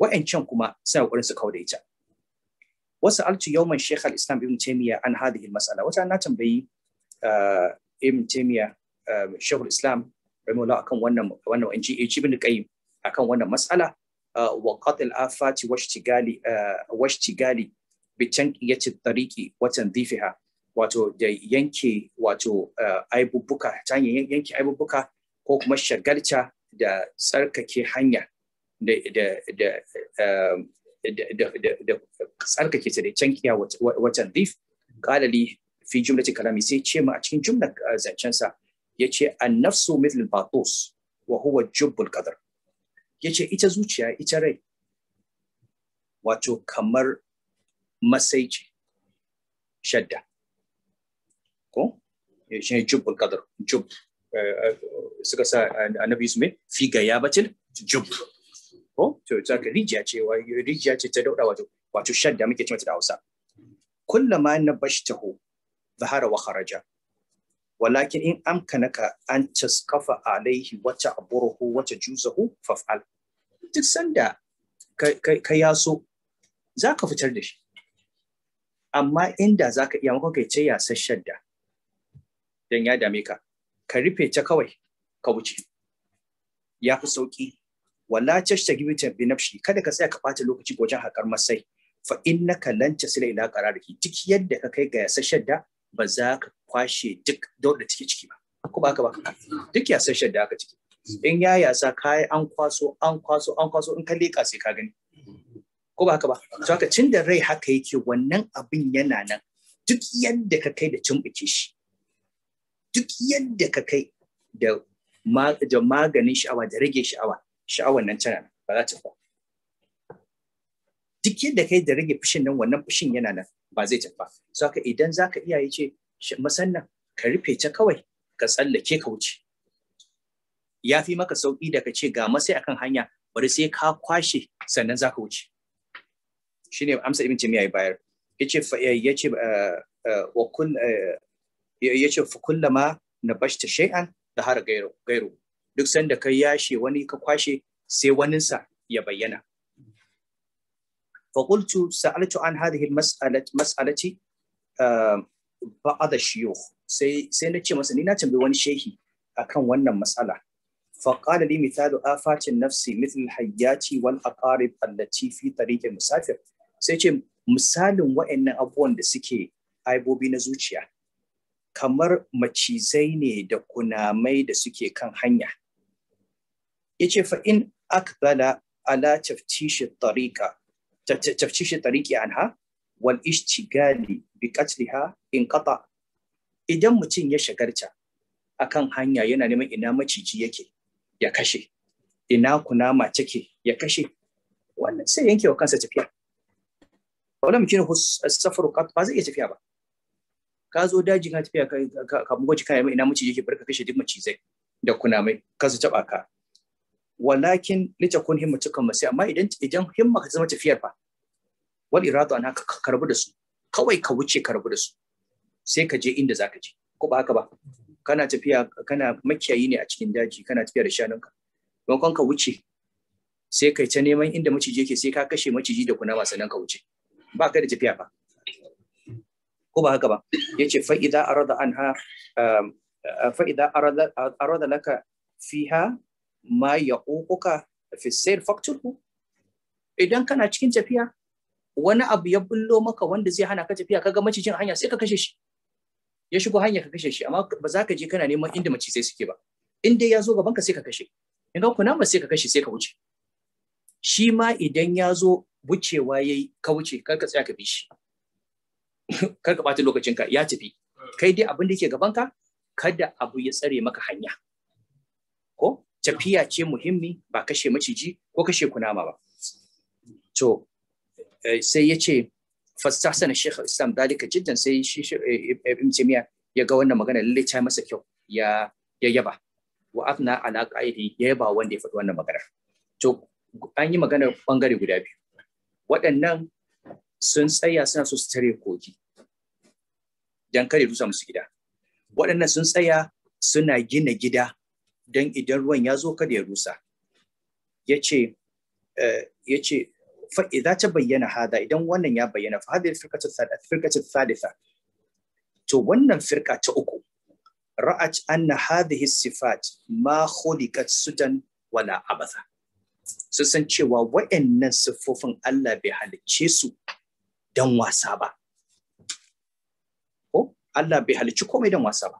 wa'ancan kuma suna kokarin su da ita wasu altu yawman shekh al-islam ibn taymiya an hadhihi mas'ala wata na tambayi eh, ibn taymiya eh, shekh islam rahimahullah akan wannan wannan in ibn qayyim akan wannan mas'ala وقت الآفات واشتغال واشتغال بتنقية الطريق وتنظيفها wato da yanke wato eh, aibubbuka yanke aibubbuka ko kuma shagalta da tsarkake hanya da eh, tsarkake ta da cankiya watan dhif kalali fi jumlati kalami sai ce ma a cikin jumlar eh, zancensa ya yace an nafsu mithl batus wa huwa jubbul yace ita zuciya ita rai wato kamar masai shadda ko eh, shi ne jubbul qadar jub eh, eh, suka sa annabi su me figa ya bacin jub ko to ita ka rijiya ce rijiya ce ta dauda wato wato shadda muke cewa ta da Hausa kullama nabashtahu zahara wa kharaja walakin in amkanaka an taskafa alaihi wata aburuhu wata juzahu faf'al duk sanda ka yaso za ka fitar da shi amma inda za ka iya maka kai ce yasasshen da don ya dame ka ka rufe ta kawai ka wuce ya fi sauki wala tashtagi bi nafshi kada ka tsaya ka ɓata lokaci wajen haƙar masai fa na lan sila ila qarariki duk yadda ka kai ga yasasshen da ba za ka kwashe duk daular da take ciki ba ko ba ka ba duk yasasshen da aka ciki in ya yasa kai an kwaso an kwaso an kwaso in ka leƙa sai ka gani ko ba haka ba to haka cin da rai haka yake wannan abin yana nan duk yadda ka kai da cin cimbice shi duk yadda ka kai da da maganin sha'awa da rage sha'awa sha'awar nan tana ba za ta fa duk yadda kai da rage fushin nan wannan fushin yana nan ba zai tafi ba so haka idan zaka iyaye ce masannan ka rufe ta kawai ka tsallake ka wuce ya fi maka sauƙi da ka ce ga masai akan hanya bari sai ka kwashe sannan za ka wuce shine amsa ibn timiya ya bayar yace yace eh, eh, wa kun eh, yace fa kullama nabashta shay'an da har gairu gairu duk sanda ya yashe wani ka kwashe sai sa ya bayyana فقلت سألت عن هذه المسألة مسألتي بعض الشيوخ sai sai na ce masa ni na tambayi wani shehi akan wannan matsala فقال لي مثال آفات النفس مثل a والأقارب التي في طريق المسافر سيتي مثال وإن أبوان دسكي aibobi na zuciya kamar macizai ne da kunamai da suke kan hanya ya ce fa'in akbala ala taftishi tariƙa taftishi tariƙi anha wal ishtigali bi qatliha in qata idan mutum ya shagarta akan hanya yana neman ina maciji yake ya kashe ina kunama take ya kashe wannan sai yanke wa kansa tafiya wala mukin safaru ba zai iya tafiya ba ka zo daji ka tafiya ka mu gwaji kai ina miciji yake barka kashe duk zai. da kunamai ka su taba ka walakin lita kun himma tukan masai amma idan idan himma ka zama tafiyar fa wal iradu ana ka karbu da su kawai ka wuce karbu da su sai ka je inda zaka je ko ba haka ba kana tafiya kana makiyayi ne a cikin daji kana tafiya da shanunka maimakon ka wuce sai kai ta neman inda maciji yake sai ka kashe maciji da masu sannan ka wuce ba ka da tafiya ba ko ba haka ba yace fa idza arada anha um, fa idza arada arada laka fiha ma yaququka fi sayr idan kana cikin tafiya wani abu ya bullo maka wanda zai hana ka tafiya kaga macijin hanya sai ka kashe shi ya shigo hanya ka kashe shi amma ba za ka je kana neman inda macizai suke ba in dai ya zo gaban ka sai ka kashe in ga kunama sai ka kashe sai ka wuce shi ma idan ya zo wucewa yayi ka wuce kar ka tsaya ka bi shi kar ka bata lokacin ka ya tafi kai dai abin da yake gaban ka kada abu ya tsare maka hanya ko tafiya ce muhimmi ba kashe maciji ko kashe kunama ba to eh, sai ya فاستحسن الشيخ الاسلام ذلك جدا سي ابن تيميه ya ga wannan magana lallai ta masa kyau ya ya yaba wa afna ala qaidi ya yaba wanda ya faɗi wannan magana to an yi magana bangare guda biyu waɗannan sun tsaya suna so su tare kogi dan kare rusa musu gida waɗannan sun tsaya suna gina gida dan idan ruwan ya zo kada ya rusa ya ce fa ta bayyana hada idan wannan ya bayyana fa hadhihi firqatu firqatu thalitha to wannan firqa ta uku ra'at anna hadhihi sifat ma khuliqat wala abatha sun san cewa wa'annan siffofin Allah bai halicce su dan wasa ba ko Allah bai halicci komai dan wasa ba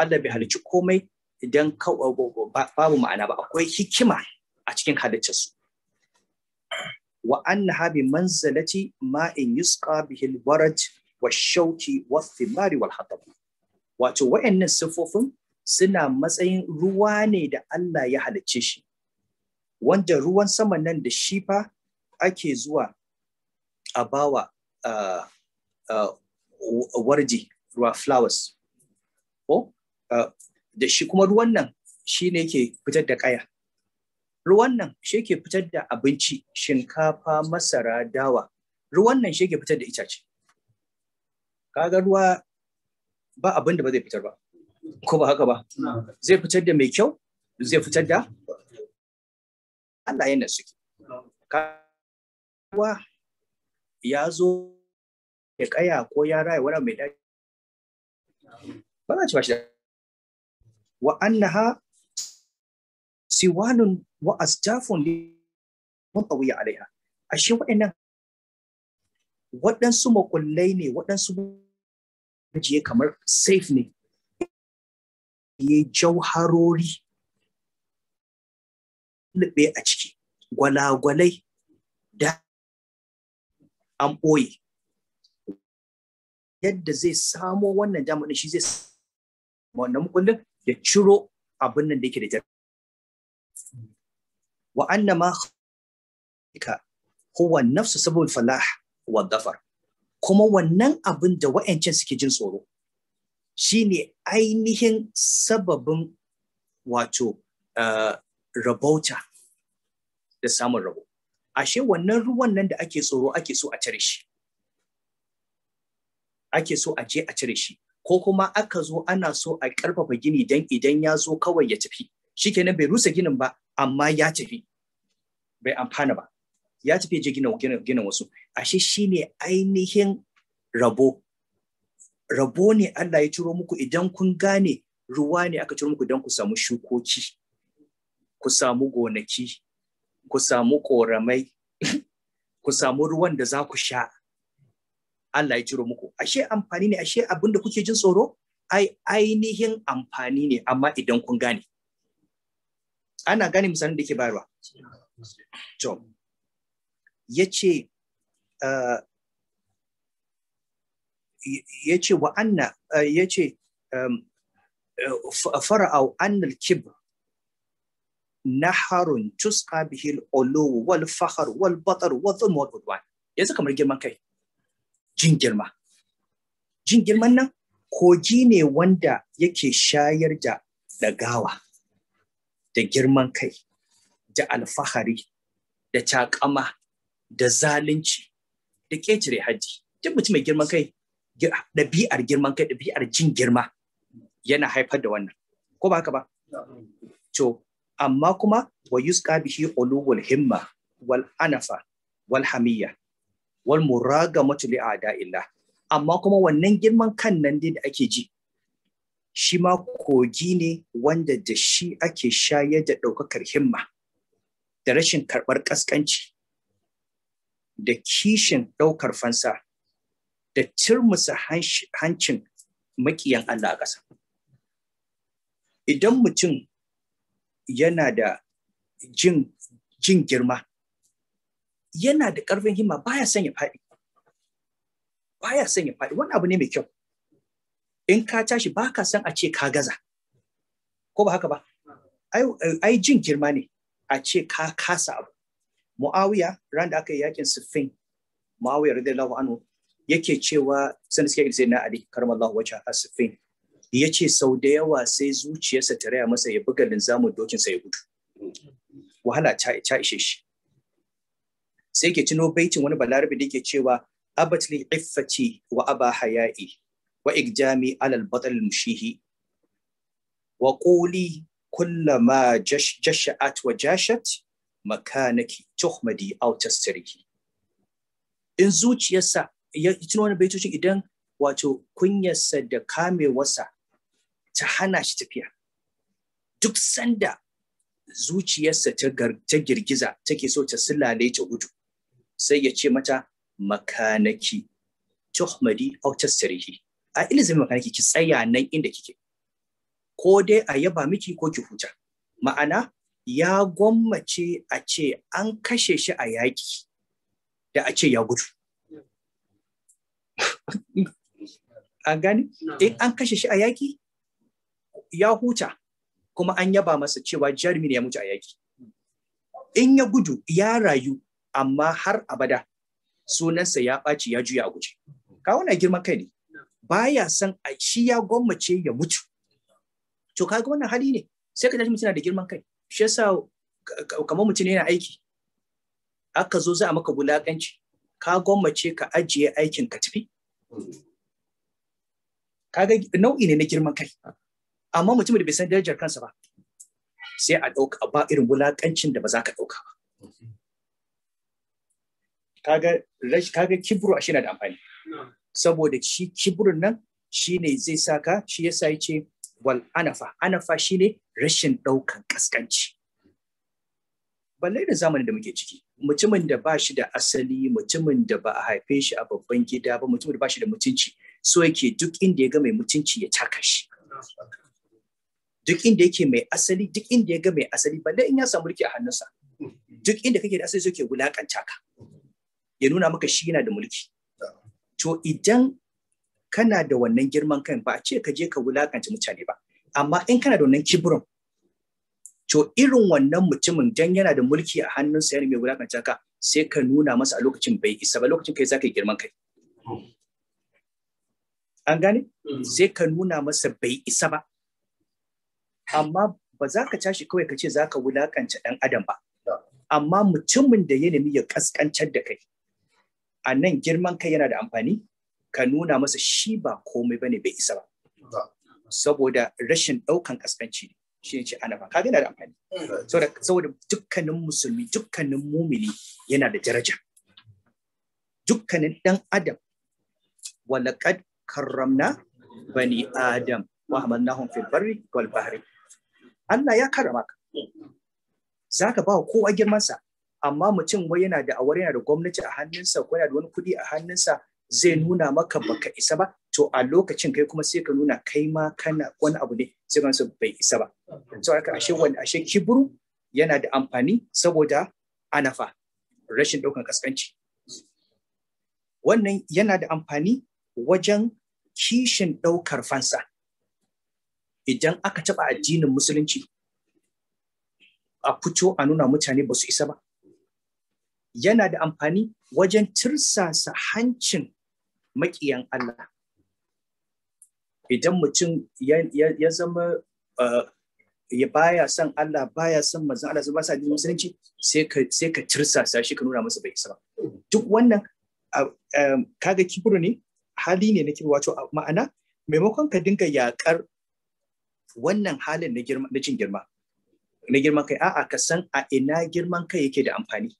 Allah bai halicci komai idan babu ma'ana ba akwai hikima a cikin halittarsu wa annaha bi manzalati ma'in yusqa bihil baraj wa shauki wa thimari wal hatab wato wa'annan siffofin suna matsayin ruwa ne da Allah ya halicce shi wanda ruwan sama nan da shifa ake zuwa a bawa uh, warji ruwa flowers ko da shi kuma ruwan nan shi ne ke fitar da kaya ruwan nan shi ke fitar da abinci shinkafa masara dawa ruwan nan shi ke fitar da itace kaga ruwa ba abin da ba zai fitar ba ko ba haka ba zai fitar da mai kyau zai fitar da Allah yana suke kawa ya zo ya kaya ko ya raya wani mai daɗi ba za ci ba shi wa annaha siwanun wa astafun mutawiya alaiha ashe waɗannan waɗansu makullai ne waɗansu ajiye kamar safe ne ya jauharori lube a ciki gwalagwalai da an ɓoye yadda zai samo wannan jami'in shi zai wannan mukullin ya ciro abin nan da yake da jami'in wa anna ma ka huwa nafsu sabul falah wa dafar kuma wannan abin da wa'yancan suke jin tsoro shine ainihin sababin wato eh, rabauta da samun rabo ashe wannan ruwan nan da ake tsoro ake so a a je a cire shi ko kuma aka zo ana so a ƙarfafa gini dan idan ya zo kawai ya tafi shikenan bai rusa ginin ba amma ya tafi bai amfana ba ya tafi je gina gina wasu ashe shine ainihin rabo rabo ne Allah ya ciro muku idan kun gane ruwa ne aka ciro muku don ku samu shukoki ku samu gonaki ku samu koramai ku samu ruwan da za ku sha Allah ya ciro muku ashe amfani ne ashe abin da kuke jin tsoro ai ainihin amfani ne amma idan kun gane ana gane misalin da ke bayarwa to yace uh, ce wa anna uh, yace um, uh, fara'au annal kibr naharun tuska bihi al wal fahar wal batar wal yanzu kamar girman kai jin girma jin girman nan kogi ne wanda yake shayar da dagawa da girman kai da alfahari da takama da zalunci da ƙetare haji duk mutum mai girman kai ɗabi'ar girman kai ɗabi'ar jin girma yana haifar da wannan ko ba haka ba to amma kuma wa yuska bihi ulul himma wal anafa wal hamiyya wal muragamatu li illa. amma kuma wannan girman kan nan dai da ake ji shi ma kogi ne wanda da shi ake shayar da ɗaukakar himma da rashin karɓar ƙasƙanci da kishin ɗaukar fansa da turmusa hancin maƙiyan Allah a ƙasa. Idan mutum yana da jin, girma, yana da ƙarfin himma baya son faɗi. Baya son ya faɗi, wani abu ne mai kyau. in ka tashi ba ka san a ce ka gaza ko ba haka ba ai jin girma ne a ce ka kasa abu muawiya ran da aka yi yakin siffin muawiya radiyallahu anhu yake cewa sun suke sai na ali karamallahu sufin Ya ce sau da yawa sai zuciyarsa ta raya masa ya buga linzamin dokin sa ya gudu wahala ta ishe shi sai ke tuno baitin wani balarabi da ke cewa abatli iffati wa aba haya'i wa alal batal mushihi Waƙuli quli kullama jasha'at wa jashat makanaki tuhmadi aw tasrihi in zuciyarsa ya tuno wani baitocin idan wato kunyarsa da kamewarsa ta hana shi tafiya duk sanda zuciyarsa ta girgiza take so ta silale ta gudu sai yace mata makanaki tuhmadi aw a ilizimin magana ki tsaya nan inda kike ko dai a yaba miki ko ki huta ma'ana ya gwammace a ce an kashe shi a yaƙi da a ce ya gudu A gani, in an kashe shi a yaƙi ya huta kuma an yaba masa cewa jarumi ne ya mutu a yaƙi in ya gudu ya rayu amma har abada sunansa ya ɓaci ya juya a guje ka na girman kai ne baya san a shi ya gwammace ya mutu to ka ga wannan hali ne sai ka tashi mutum da girman kai shi yasa kamar mutum yana aiki aka zo za a maka wulakanci ka gwammace ka ajiye aikin ka tafi ga nau'i ne na girman kai amma mutum da bai san darajar kansa ba sai a ɗauka ba irin bulaƙancin da ba za ka ɗauka ba kaga kaga a shi na da amfani saboda shi kiburin nan ne zai saka shi yasa yace wal anafa anafa shi ne rashin ɗaukan kaskanci balle da zamanin da muke ciki mutumin da ba shi da asali mutumin da ba a haife shi a babban gida ba mutumin da ba shi da mutunci so yake duk inda ya ga mai mutunci ya taka shi duk inda yake mai asali duk inda ya ga mai asali balle in ya samu rike a hannunsa duk inda kake da asali so ke wulakanta ka ya nuna maka shi yana da mulki to idan kana da wannan girman kai, ba a ce ka je ka wulakanci mutane ba amma in kana da wannan kibirin to irin wannan mutumin dan yana da mulki a hannunsa yana mai wulakanta ka sai ka nuna masa a lokacin bai isa ba lokacin kai za yi girman kai an gane mm. sai ka nuna masa bai isa ba amma ba za ka tashi kawai ka ce za ka wulakanta ɗan adam ba amma mutumin da ya nemi ya kaskancar da kai a nan girman kai yana da amfani ka nuna masa shi ba komai bane bai isa ba saboda rashin ɗaukan kaskanci shi ne ce ba kaga yana da amfani saboda dukkanin musulmi dukkanin mumini yana da daraja dukkanin dan adam walaqad karramna bani adam wa hamalnahum fil barri wal bahri Allah ya karama ka zaka ba kowa girman sa amma mutum wai yana da awar yana da gwamnati a hannunsa ko yana da wani kuɗi a hannunsa zai nuna maka baka isa ba to a lokacin kai kuma sai ka nuna kai ma kana wani abu ne sai ka bai isa ba to haka ashe wani ashe kiburu yana da amfani saboda anafa rashin ɗaukan kaskanci wannan yana da amfani wajen kishin ɗaukar fansa idan aka taɓa addinin musulunci a fito a nuna mutane ba su isa ba yana da amfani wajen tirsasa hancin maƙiyan Allah. Idan mutum ya zama eh, ya baya son Allah baya son mazan, Allah ba sa jin musulunci sai ka sai tirsasa shi ka nuna masa bai isa ba duk wannan ah, eh, kaga kibru ne hali ne na kibru wato ah, ma'ana maimakon ka dinga yaƙar wannan halin na jin girma na girman kai a'a ka san a ina girman kai yake da amfani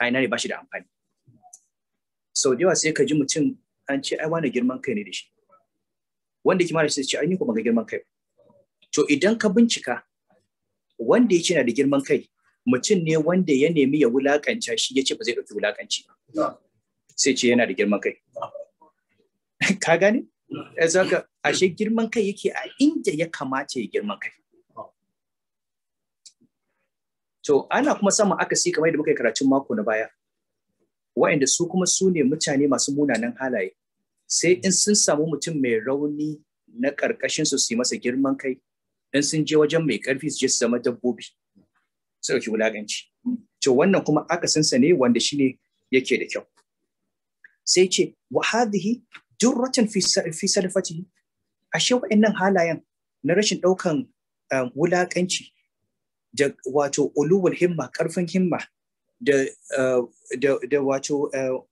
ai na ne ba shi da amfani sau da yawa sai ka ji mutum an ce ai wani girman kai ne da shi wanda kima mara shi ce ai ni kuma ga girman kai to idan ka bincika wanda ya ce na da girman kai mutum ne wanda ya nemi ya wulakanta shi ya ce ba zai ɗauki wulakanci ba sai ce yana da girman kai ka gane ashe girman kai yake a inda ya kamata ya girman kai To ana kuma samun akasi kamar yadda muka yi karatun mako na baya. Wa'inda su kuma su ne mutane masu munanan halaye. Sai in sun samu mutum mai rauni na ƙarƙashin su su masa girman kai, in sun je wajen mai ƙarfi su je su zama dabbobi. Su ɗauki wulaƙanci. To wannan kuma akasinsa ne wanda shine yake da kyau. Sai ce, wa hadhihi durratan fi sadafati, Ashe wa'annan halayen na rashin ɗaukan eh, wulaƙanci da wato uluwul himma karfin himma da uh, wato uh,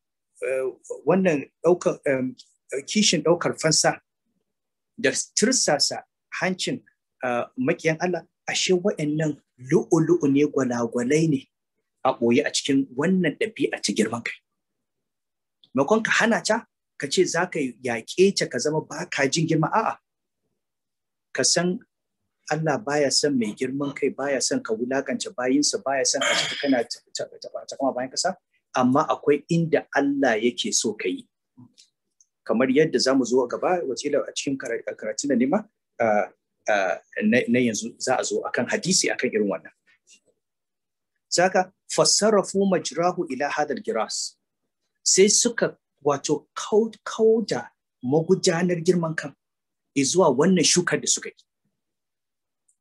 uh, wannan ɗaukar um, kishin ɗaukar fansa da tirsasa hancin makiyan Allah ashe wa'annan lu'ulu'u ne gwalagwalai ne a ɓoye a cikin wannan ɗabi'a ta girman kai. Makon ka hana ta ka ce za ka yaƙe ta ka zama ba ka jin girma a'a ka san Allah baya son mai girman kai baya son ka wulakance bayinsa baya son ka cika kana takama bayan kasa amma akwai inda Allah yake so ka yi kamar yadda za mu zo gaba wacila a cikin karatun da nema na yanzu za a zo akan hadisi akan irin wannan saka fassarafu majrahu ila hadal giras sai suka wato kauda magudanar girman kan zuwa wannan shukar da suka yi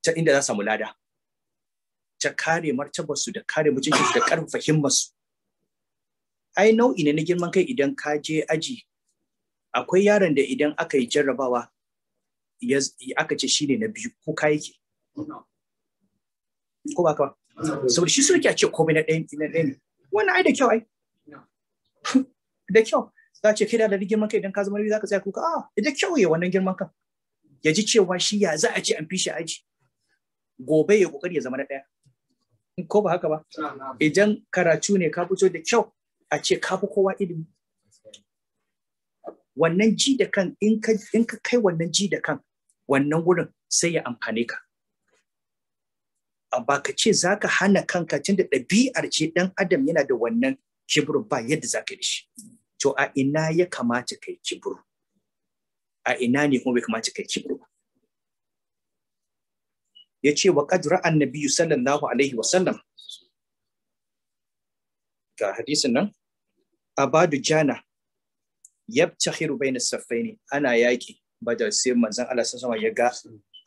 ta inda za su samu lada ta kare martabarsu da kare mutuncinsu da karfafa himmarsu ai nau'i ne na girman kai idan ka je aji akwai yaron da idan aka yi jarrabawa aka ce shi ne na biyu ko ka yake ko ba ka saboda shi suna a ce komai na ɗaya na ɗaya ne wannan ai da kyau ai da kyau za ce kai da da girman kai idan ka zama za ka tsaya kuka a ah, da kyau ya wannan girman kan ya ji cewa shi ya za a ce an fi aji gobe ya kokari ya zama na ɗaya ko ba haka ba idan karatu ne ka fito da kyau a ce ka fi kowa ilimi wannan ji da kan in ka kai wannan ji da kan wannan wurin sai ya amfane ka ba ka ce za ka hana kanka da ɗabi'ar ce ɗan adam yana da wannan kibirin ba yadda za ka yi shi to a ina ya kamata kai kibiru a ina ne kuma bai kamata kai kibiru ba ya ce wa kadra annabi sallallahu alaihi wasallam ga hadisin nan abadu jana yabtakhiru bayna safaini ana yaki Badal sai manzon Allah sallallahu alaihi ya ga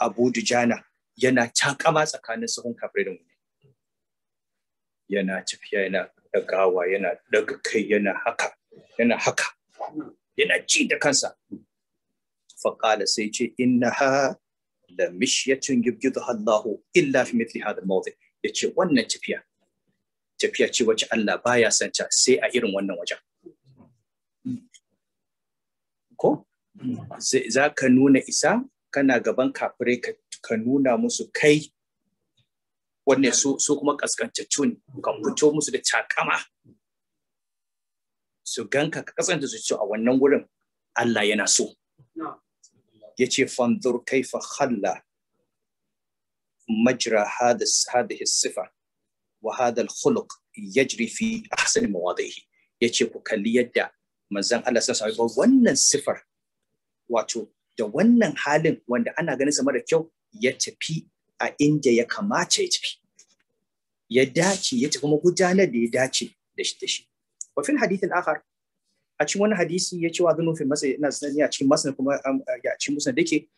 Abu jana. yana takama tsakanin sahun kafirai da mu'mini yana tafiya yana dagawa yana daga kai yana haka yana haka yana ci da kansa faqala sai ce innaha la mishyatun yubghidaha Allah illa fi mithli hadha al-mawdi yace wannan tafiya tafiya ce wacce Allah baya son ta sai a irin wannan wajen ko za ka nuna isa kana gaban kafirai ka nuna musu kai Wannan su su kuma kaskantattu ne kan fito musu da takama su ganka ka kasance su ce a wannan wurin Allah yana so ya ce fanzur kaifa khalla majra hadhihi sifa wa hadha al-khuluq yajri fi ahsani mawadihi yace ku kalli yadda manzon Allah sallallahu alaihi wannan sifar wato da wannan halin wanda ana ganin sa mara kyau ya tafi a inda ya kamata ya tafi ya dace ya tafi kuma gudanar da ya dace da shi da shi wa fil hadith al-akhar a cikin wani hadisi ya ce wa zunufin masa ina sanani a cikin masana kuma ya cikin musan dake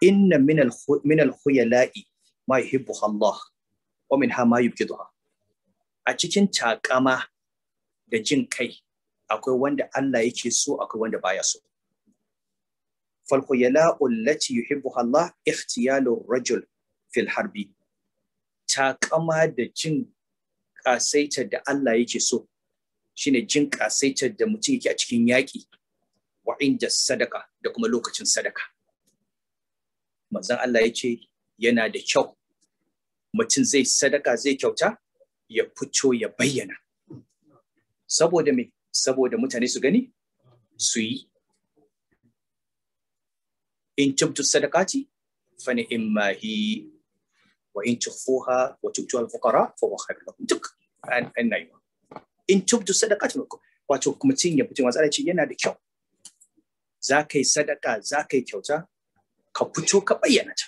inna minal minal khuyala'i ma yuhibbu Allah wa ha ma yubghiduha a cikin takama da jin kai akwai wanda Allah yake so akwai wanda baya so fal khuyala'u allati yuhibbu Allah ikhtiyalu rajul fil harbi takama da jin kasaita da Allah yake so shine jin kasaitar da mutum yake a cikin yaƙi wa inda sadaka da kuma lokacin sadaka manzon Allah ya ce yana da kyau mutum zai sadaka zai kyauta ya fito ya bayyana saboda me saboda mutane su gani su yi in tubtu sadakati fa imma hi wa in tukhfuha wa tu'tuha al-fuqara fa wa khairu lakum duk an annayi in tubdu sadaqatun wato kuma cin ya fitin wasa ce yana da kyau za ka yi sadaka za ka yi kyauta ka fito ka bayyana ta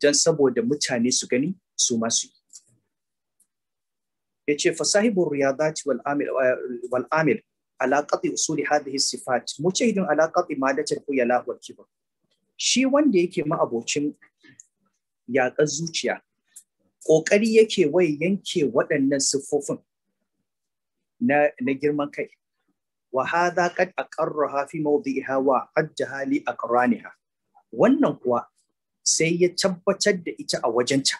don saboda mutane su gani su ma yi ya ce fasahibun riyadat wal amil ala qati usuli hadhihi sifat mujahidun ala qati madatul khuyala wal kibr shi wanda yake ma'abocin yaƙar zuciya ƙoƙari yake wai yanke waɗannan siffofin na, na girman kai. Wa hadha qad aqarraha fi mawdi'iha wa ajjaha li aqraniha. Wannan kuwa sai ya tabbatar da ita a wajenta.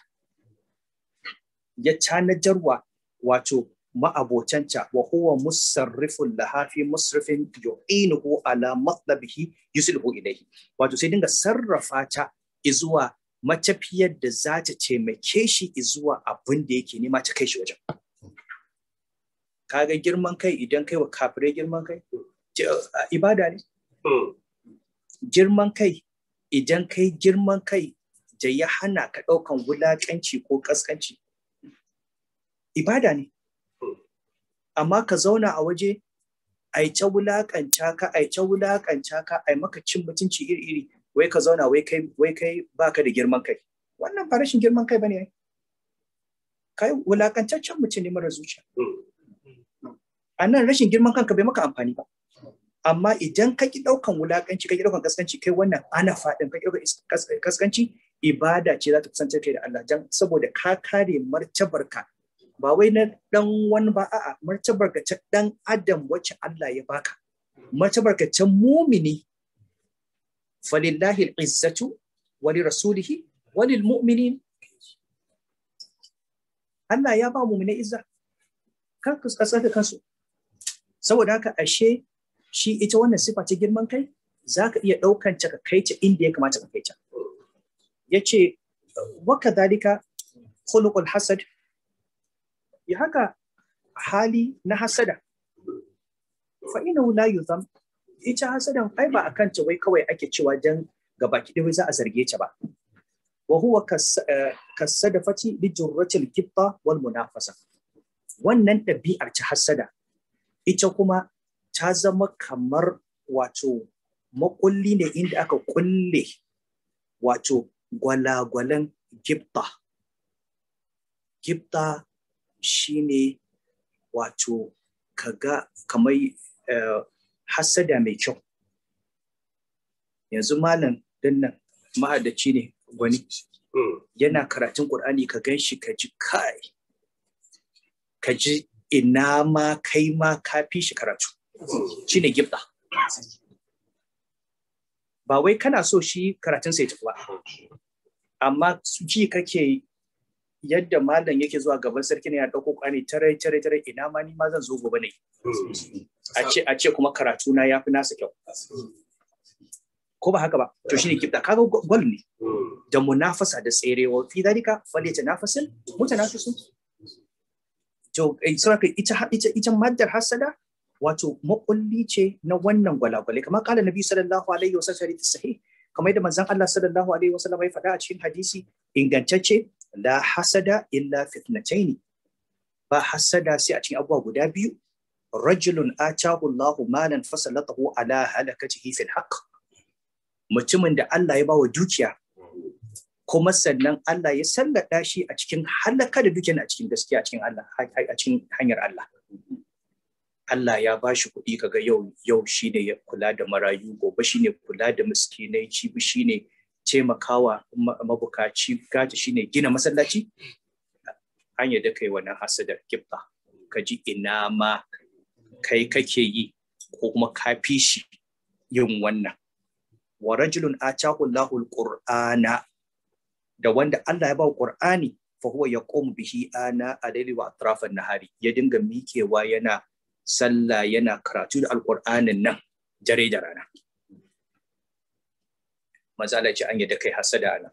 Ya tanajarwa wato ma'abotanta wa huwa musarrifun laha fi musrifin yu'inuhu ala matlabihi yusilhu ilayhi. Wato sai dinga sarrafa ta zuwa matafiyar da za ta taimake shi zuwa abin da yake nema ta kai shi wajen. Kaga girman kai idan kai wa kafirai girman kai, ibada ne? Hmm. Girman kai idan kai girman kai da ya hana ka ɗaukan wulaƙanci ko ƙasƙanci, ibada ne. Hmm. Amma ka zauna a waje, aice ta wulaƙanta ka, aice ta wulaƙanta ka, ai maka cin mutunci iri-iri, wai ka zauna wai kai wai kai baka da girman kai wannan ba rashin girman kai bane kai wulakantaccen mutum ne mara zuciya a nan rashin girman kanka bai maka amfani ba amma idan ka ki daukan wulakanci ka ki daukan kaskanci kai wannan ana fadin ka ki daukan kaskanci ibada ce za ta kusantar kai da Allah dan saboda ka kare martabarka ba wai na dan wani ba a'a martabarka ta dan adam wacce Allah ya baka martabarka ta mumini falillahi al'izzatu wa rasulihi wa lil Allah ya ba mu ne izza kar ku kasance kansu saboda haka ashe shi ita wannan sifa ta girman kai zaka iya ɗaukanta ka kai ta inda ya kamata ka kai ta yace wa kadhalika khuluqul hasad ya haka hali na hasada fa innahu la yuzam ita hasadan ai ba akan ta wai kawai ake cewa dan baki dai za a zarge ta ba wa huwa eh, fati li jurratil kibta wal munafasa wannan ɗabi'ar ta hasada ita kuma ta zama kamar wato makulli ne inda aka kulle wato gwalagwalan gibta gibta shine wato kaga kamar eh, hassada mai kyau yanzu malam dinnan ma'adaci ne gwani mm. yana karatun ƙur'ani ka ganshi, shi ka ji kai ka ji ina ma kai ma ka fi shi karatu shi ne gibda ba wai kana so shi karatun sai tafi ba amma ji kake yadda malam yake zuwa gaban sarki ne ya dauko kwani tare tare tare ina ma ni ma zan zo gobe ne a ce a ce kuma karatu na yafi nasa kyau ko ba haka ba to shine kibda kaga gol ne da munafasa da tserewa fi dalika falita nafasin mutanafisun to eh, saboda ita ita ita maddar hasada wato makulli ce na wannan gwalagwale kamar kala nabi sallallahu alaihi wasallam sahih kamar yadda manzon Allah sallallahu alaihi wasallam ya faɗa a cikin hadisi ingantacce la hasada illa fitnataini ba hasada sai a cikin abubuwa guda biyu rajulun atahu Allahu malan fasalatahu ala halakatihi fil haqq mutumin da Allah ya bawa dukiya kuma sannan Allah ya sallada shi a cikin halaka da dukiya a cikin gaskiya a cikin Allah a cikin hanyar Allah Allah ya ba shi kuɗi kaga yau yau shi ne ya kula da marayu gobe shi ne kula da miskinai cibi shi ne taimakawa mabukaci gata shine gina masallaci hanyar da kai wannan hasadar kibba ka ji ina ma kai kake yi ko kuma ka fi shi yin wannan wa rajulun atahu Allahul alqur'ana da wanda Allah ya ba Qur'ani fa huwa yaqumu bihi ana alayli wa atrafan nahari ya dinga mikewa yana sallah yana karatu da alqur'anin nan dare da rana manzo Allah ce an yadda kai hasada ana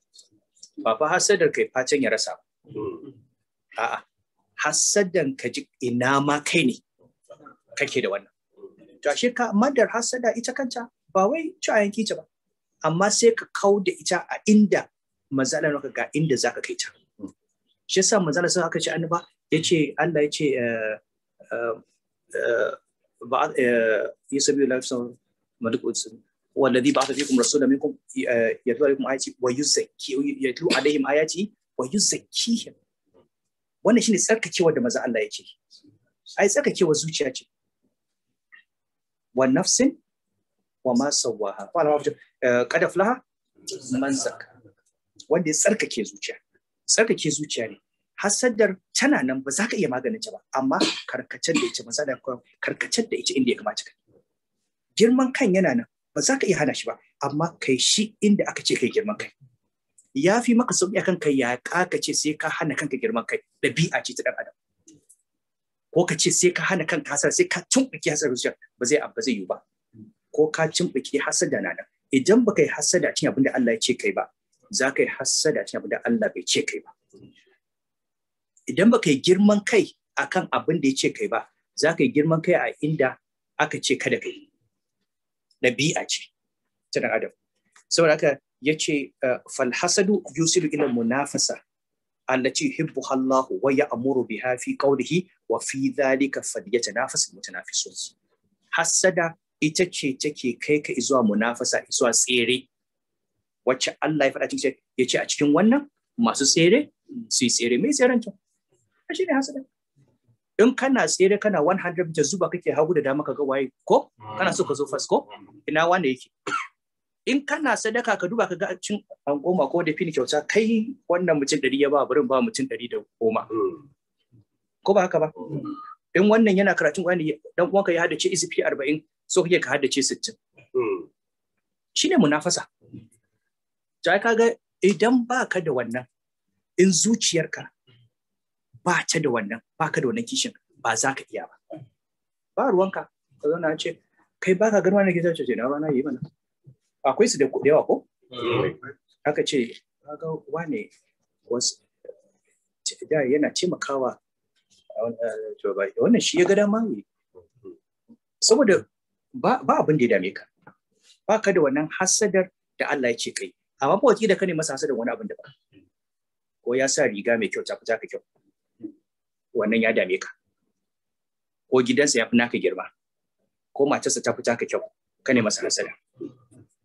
ba fa hasadar kai facen ya rasa a'a hasadan ka ji ina ma kai ne kake da wannan to ashe ka madar hasada ita kanta ba wai ci a ta ba amma sai ka kau da ita a inda manzo ka ga inda zaka kai ta shi yasa manzo Allah sai aka ce annaba yace Allah yace eh, eh, eh, ba lafisan malik والذي بعث فيكم رسولا منكم يتلو عليكم آياتي ويزكي يتلو عليهم آياتي ويزكيهم wannan shine tsarkakewar da maza Allah yake ai tsarkakewar zuciya ce wa wa ma sawaha kada flaha man wanda ya tsarkake zuciya tsarkake zuciya ne hasadar tana nan ba za ka iya maganin ta ba amma karkatar da ita maza da karkatar da ita inda ya kamata ka girman kan yana nan ba za ka iya hana shi ba amma kai shi inda aka ce kai girman kai ya fi maka sauki akan kai ya ka ce sai ka hana kanka girman kai ɗabi'a ce ta ɗan adam ko ka ce sai ka hana kanka hasara sai ka tumɓuki hasara zuciya ba zai ba zai yiwu ba ko ka tumɓuki hasada na nan idan baka yi hasada cin abin da Allah ya ce kai ba za ka yi hasada cin abin da Allah bai ce kai ba idan baka yi girman kai akan abin da ya ce kai ba za ka yi girman kai a inda aka ce kada kai Nabi'a ce ta dan adam saboda haka yace ah, fal hasadu yusilu ila munafasa allati hibbu Allah wa ya'muru biha fi qawlihi wa fi dhalika falyatanafasu mutanafisun hasada ita ce take kai ka zuwa munafasa zuwa tsere wacce Allah ya faɗa cikin yace a cikin wannan masu tsere su yi tsere mai tseren Ashe shi ne hasada in kana tsere kana 100 meters zuba kake hagu da dama kaga waye ko kana so ka zo fast ko ina wanda yake in kana sadaka ka duba kaga cin an goma ko da fini kyauta kai wannan mutum 100 ya ba burin ba mutum ɗari da goma ko ba haka ba in wannan yana karatun wani dan uwanka ya haddace izifi 40 so kake ka haddace 60 shine munafasa ja kaga idan baka da wannan in zuciyarka ba ta da wannan ba ka da wannan kishin ba za ka iya ba ba ruwanka ka zo na ce kai ba ka gani wannan ke ce na rana yi mana akwai su da kuɗi yawa ko aka ce ga wane wasu da yana taimakawa eh, wannan shi ya ga dama saboda ba abin da ya dame ka ba ka da wannan hasadar da Allah ya ce kai amma ba da ka ne masa hasadar wani abin da ba ko ya sa riga mai kyau ta fita ka kyau wannan ya dame ka ko gidansa ya fi naka girma ko matarsa ta fi taka kyau ka ne masa hasada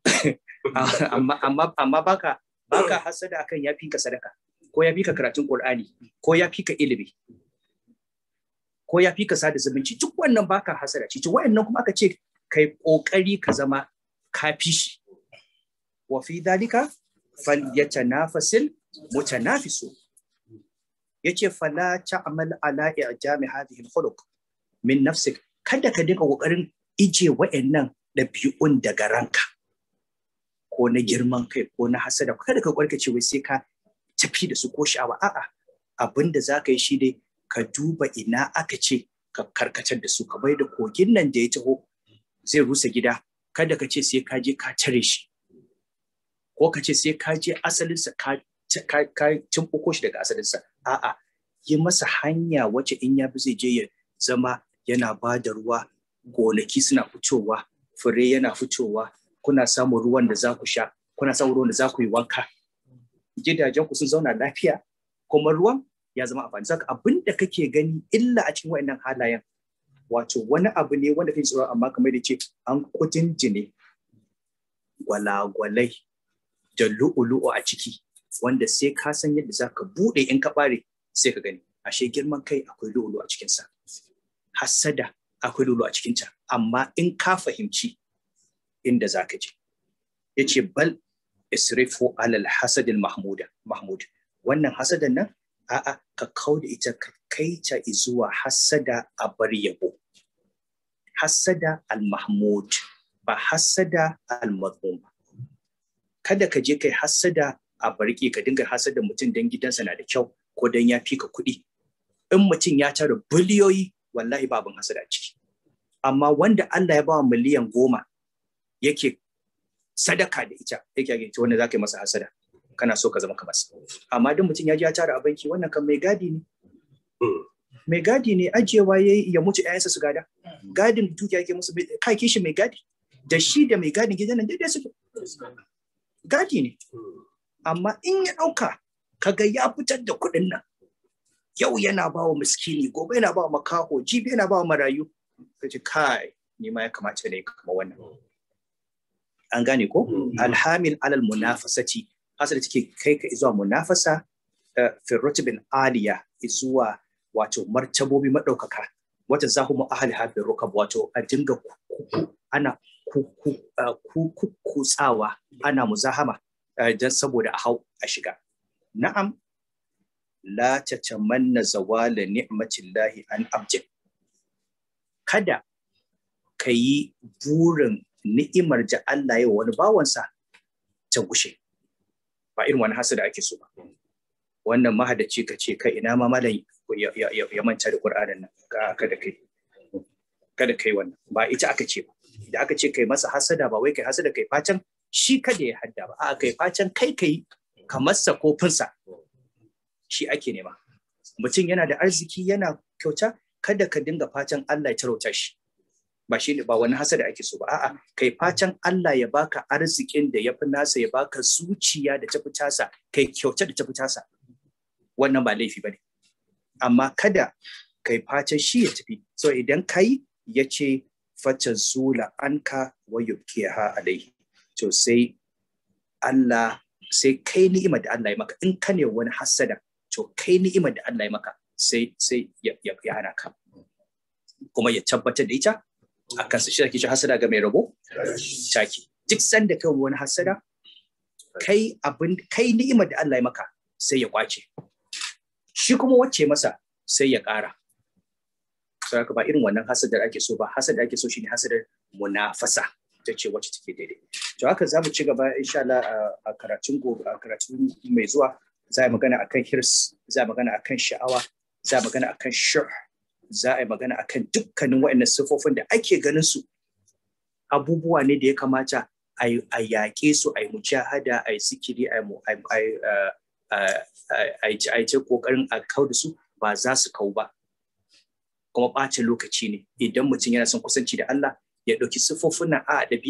amma baka baka hasada akan ya fi ka sadaka ko ya fi ka karatun Qur'ani ko ya fi ka ilimi ko ya fi ka sada zumunci duk wannan baka hasada ci wa'annan kuma aka ce kai kokari ka zama fi shi wa fi dalika falyatanafasil mutanafisu yace fala ta'mal ala i'jami hadhihi al-khuluq min nafsik kada ka dinga kokarin ije wa'annan ɗabi'un daga ranka ko na girman kai ko na hasada kada ka ce wai sai ka tafi da su ko sha'awa a'a abin da za ka yi shi dai ka duba ina aka ce ka karkatar da su ka bai da kogin nan da ya taho zai rusa gida kada ka ce sai ka je ka tare shi ko ka ce sai ka je asalinsa ka ka shi daga asalinsa a'a yi masa hanya wacce in ya bi zai je ya zama yana ba da ruwa gonaki suna fitowa fure yana fitowa kuna samun ruwan da za ku sha kuna samun ruwan da za ku yi wanka Gidajenku sun zauna lafiya kuma ruwan ya zama amfani saka abin da kake gani illa a cikin wa'annan halayen wato wani abu ne wanda kake tsoro amma kamar da ce an kudin jini gwalagwalai da lu'ulu'u a ciki wanda sai ka san yadda za ka buɗe in ka ɓare sai ka gani ashe girman kai akwai lulu a cikinsa hasada akwai lulu a cikinta amma in ka fahimci inda za ka je ya ce bal isrifu alal hasadil mahmuda mahmud wannan hasadan nan a'a ka kau da ita ka kai ta zuwa hasada a bar yabo hassada al mahmud ba hasada al ba kada ka je kai hassada a barke ka dinga hasar da mutum dan gidansa na da kyau ko dan ya fika kuɗi in mutum ya tara biliyoyi wallahi babin hasada ciki amma wanda Allah ya ba miliyan goma yake sadaka da ita yake yake ce wanda zaka masa hasada kana so ka zama kamar sa amma dan mutum ya ji ya tara a banki wannan kan mai gadi ne mai gadi ne ajiyewa ya ya mutu ƴaƴansa su gada gadin dukiya yake musu kai kishi mai gadi da shi da mai gadin gidan nan daidai suke gadi ne amma in ya ɗauka kaga ya fitar da kuɗin nan yau yana ba wa miskini gobe yana ba wa makaho jibi yana ba wa marayu ka ji kai ni ma ya kamata ne kama wannan an gane ko mm-hmm. alhamil alal munafasati asali take kai ka zuwa munafasa eh, fi rutbin aliya zuwa wato martabobi madaukaka wata zahu mu ahli hafi rukab wato a dinga ana kukutsawa eh, ana muzahama Eh, don saboda a hau a shiga na'am la tamanna zawala ni'matillahi an abjin kada ka yi burin ni'imar da Allah ya wani bawansa ta gushe ba irin wani hasada ake so ba wannan mahadaci ka ce kai ina ma malam ya manta da Qur'anin nan kada kai kada kai wannan ba ita aka ce ba da aka ce kai masa hasada ba wai kai hasada kai fatan? shi kada ya hadda ba a kai facen kai kai kamarsa kofin sa. shi ake nema mutum yana da arziki yana kyauta kada ka dinga facen Allah ya tarauta shi ba shi ba wani hasada ake so ba a'a kai facen Allah ya baka arzikin da yafi nasa ya baka zuciya da tafi tasa kai kyauta da tafi tasa wannan ba laifi bane amma kada kai facen shi ya tafi so idan kai ya ce fata zula anka wa alaihi to sai Allah sai kai ni'imar da Allah ya maka in ka ne wani hasada to kai ni'imar da Allah ya maka sai sai ya hana ka kuma ya tabbatar da ita a kansa shi ake hasada ga mai rabo taki duk sanda kai wani hasada kai abin kai ni'imar da Allah ya maka sai ya kwace shi kuma wacce masa sai ya ƙara saboda ba irin wannan hasadar ake so ba hasadar ake so shine hasadar munafasa ita ce wacce take daidai to haka za mu ci gaba insha Allah a karatun gobe a karatun mai zuwa za a magana akan hirs za a magana akan sha'awa za a magana akan shur, za a yi magana akan dukkanin waɗannan siffofin da ake ganin su abubuwa ne da ya kamata a yaƙe su a yi mujahada a yi sikiri a yi ta ƙoƙarin a kau da su ba za su kau ba kuma ɓacin lokaci ne idan mutum yana son kusanci da Allah ya ɗauki da nan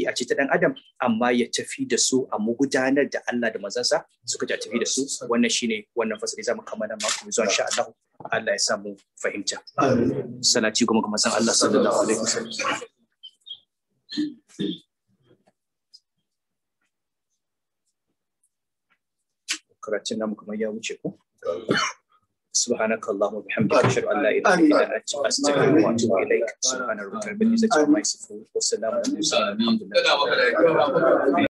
a ce ta ɗan adam amma ya tafi da su a gudanar da Allah da manzansa suka ja tafi da su wannan shine wannan fasali zamu kammala mako zuwa insha Allah Allah ya samu fahimta salati kuma ga manzon Allah sallallahu alaihi wasallam karatun namu kamar ya wuce ko asubahana kallamu abu hamsadu shakwalla idan aji ba sattin alwanshi mai layƙa sukan arba'in gizo mai siffa wuta ko da musamman a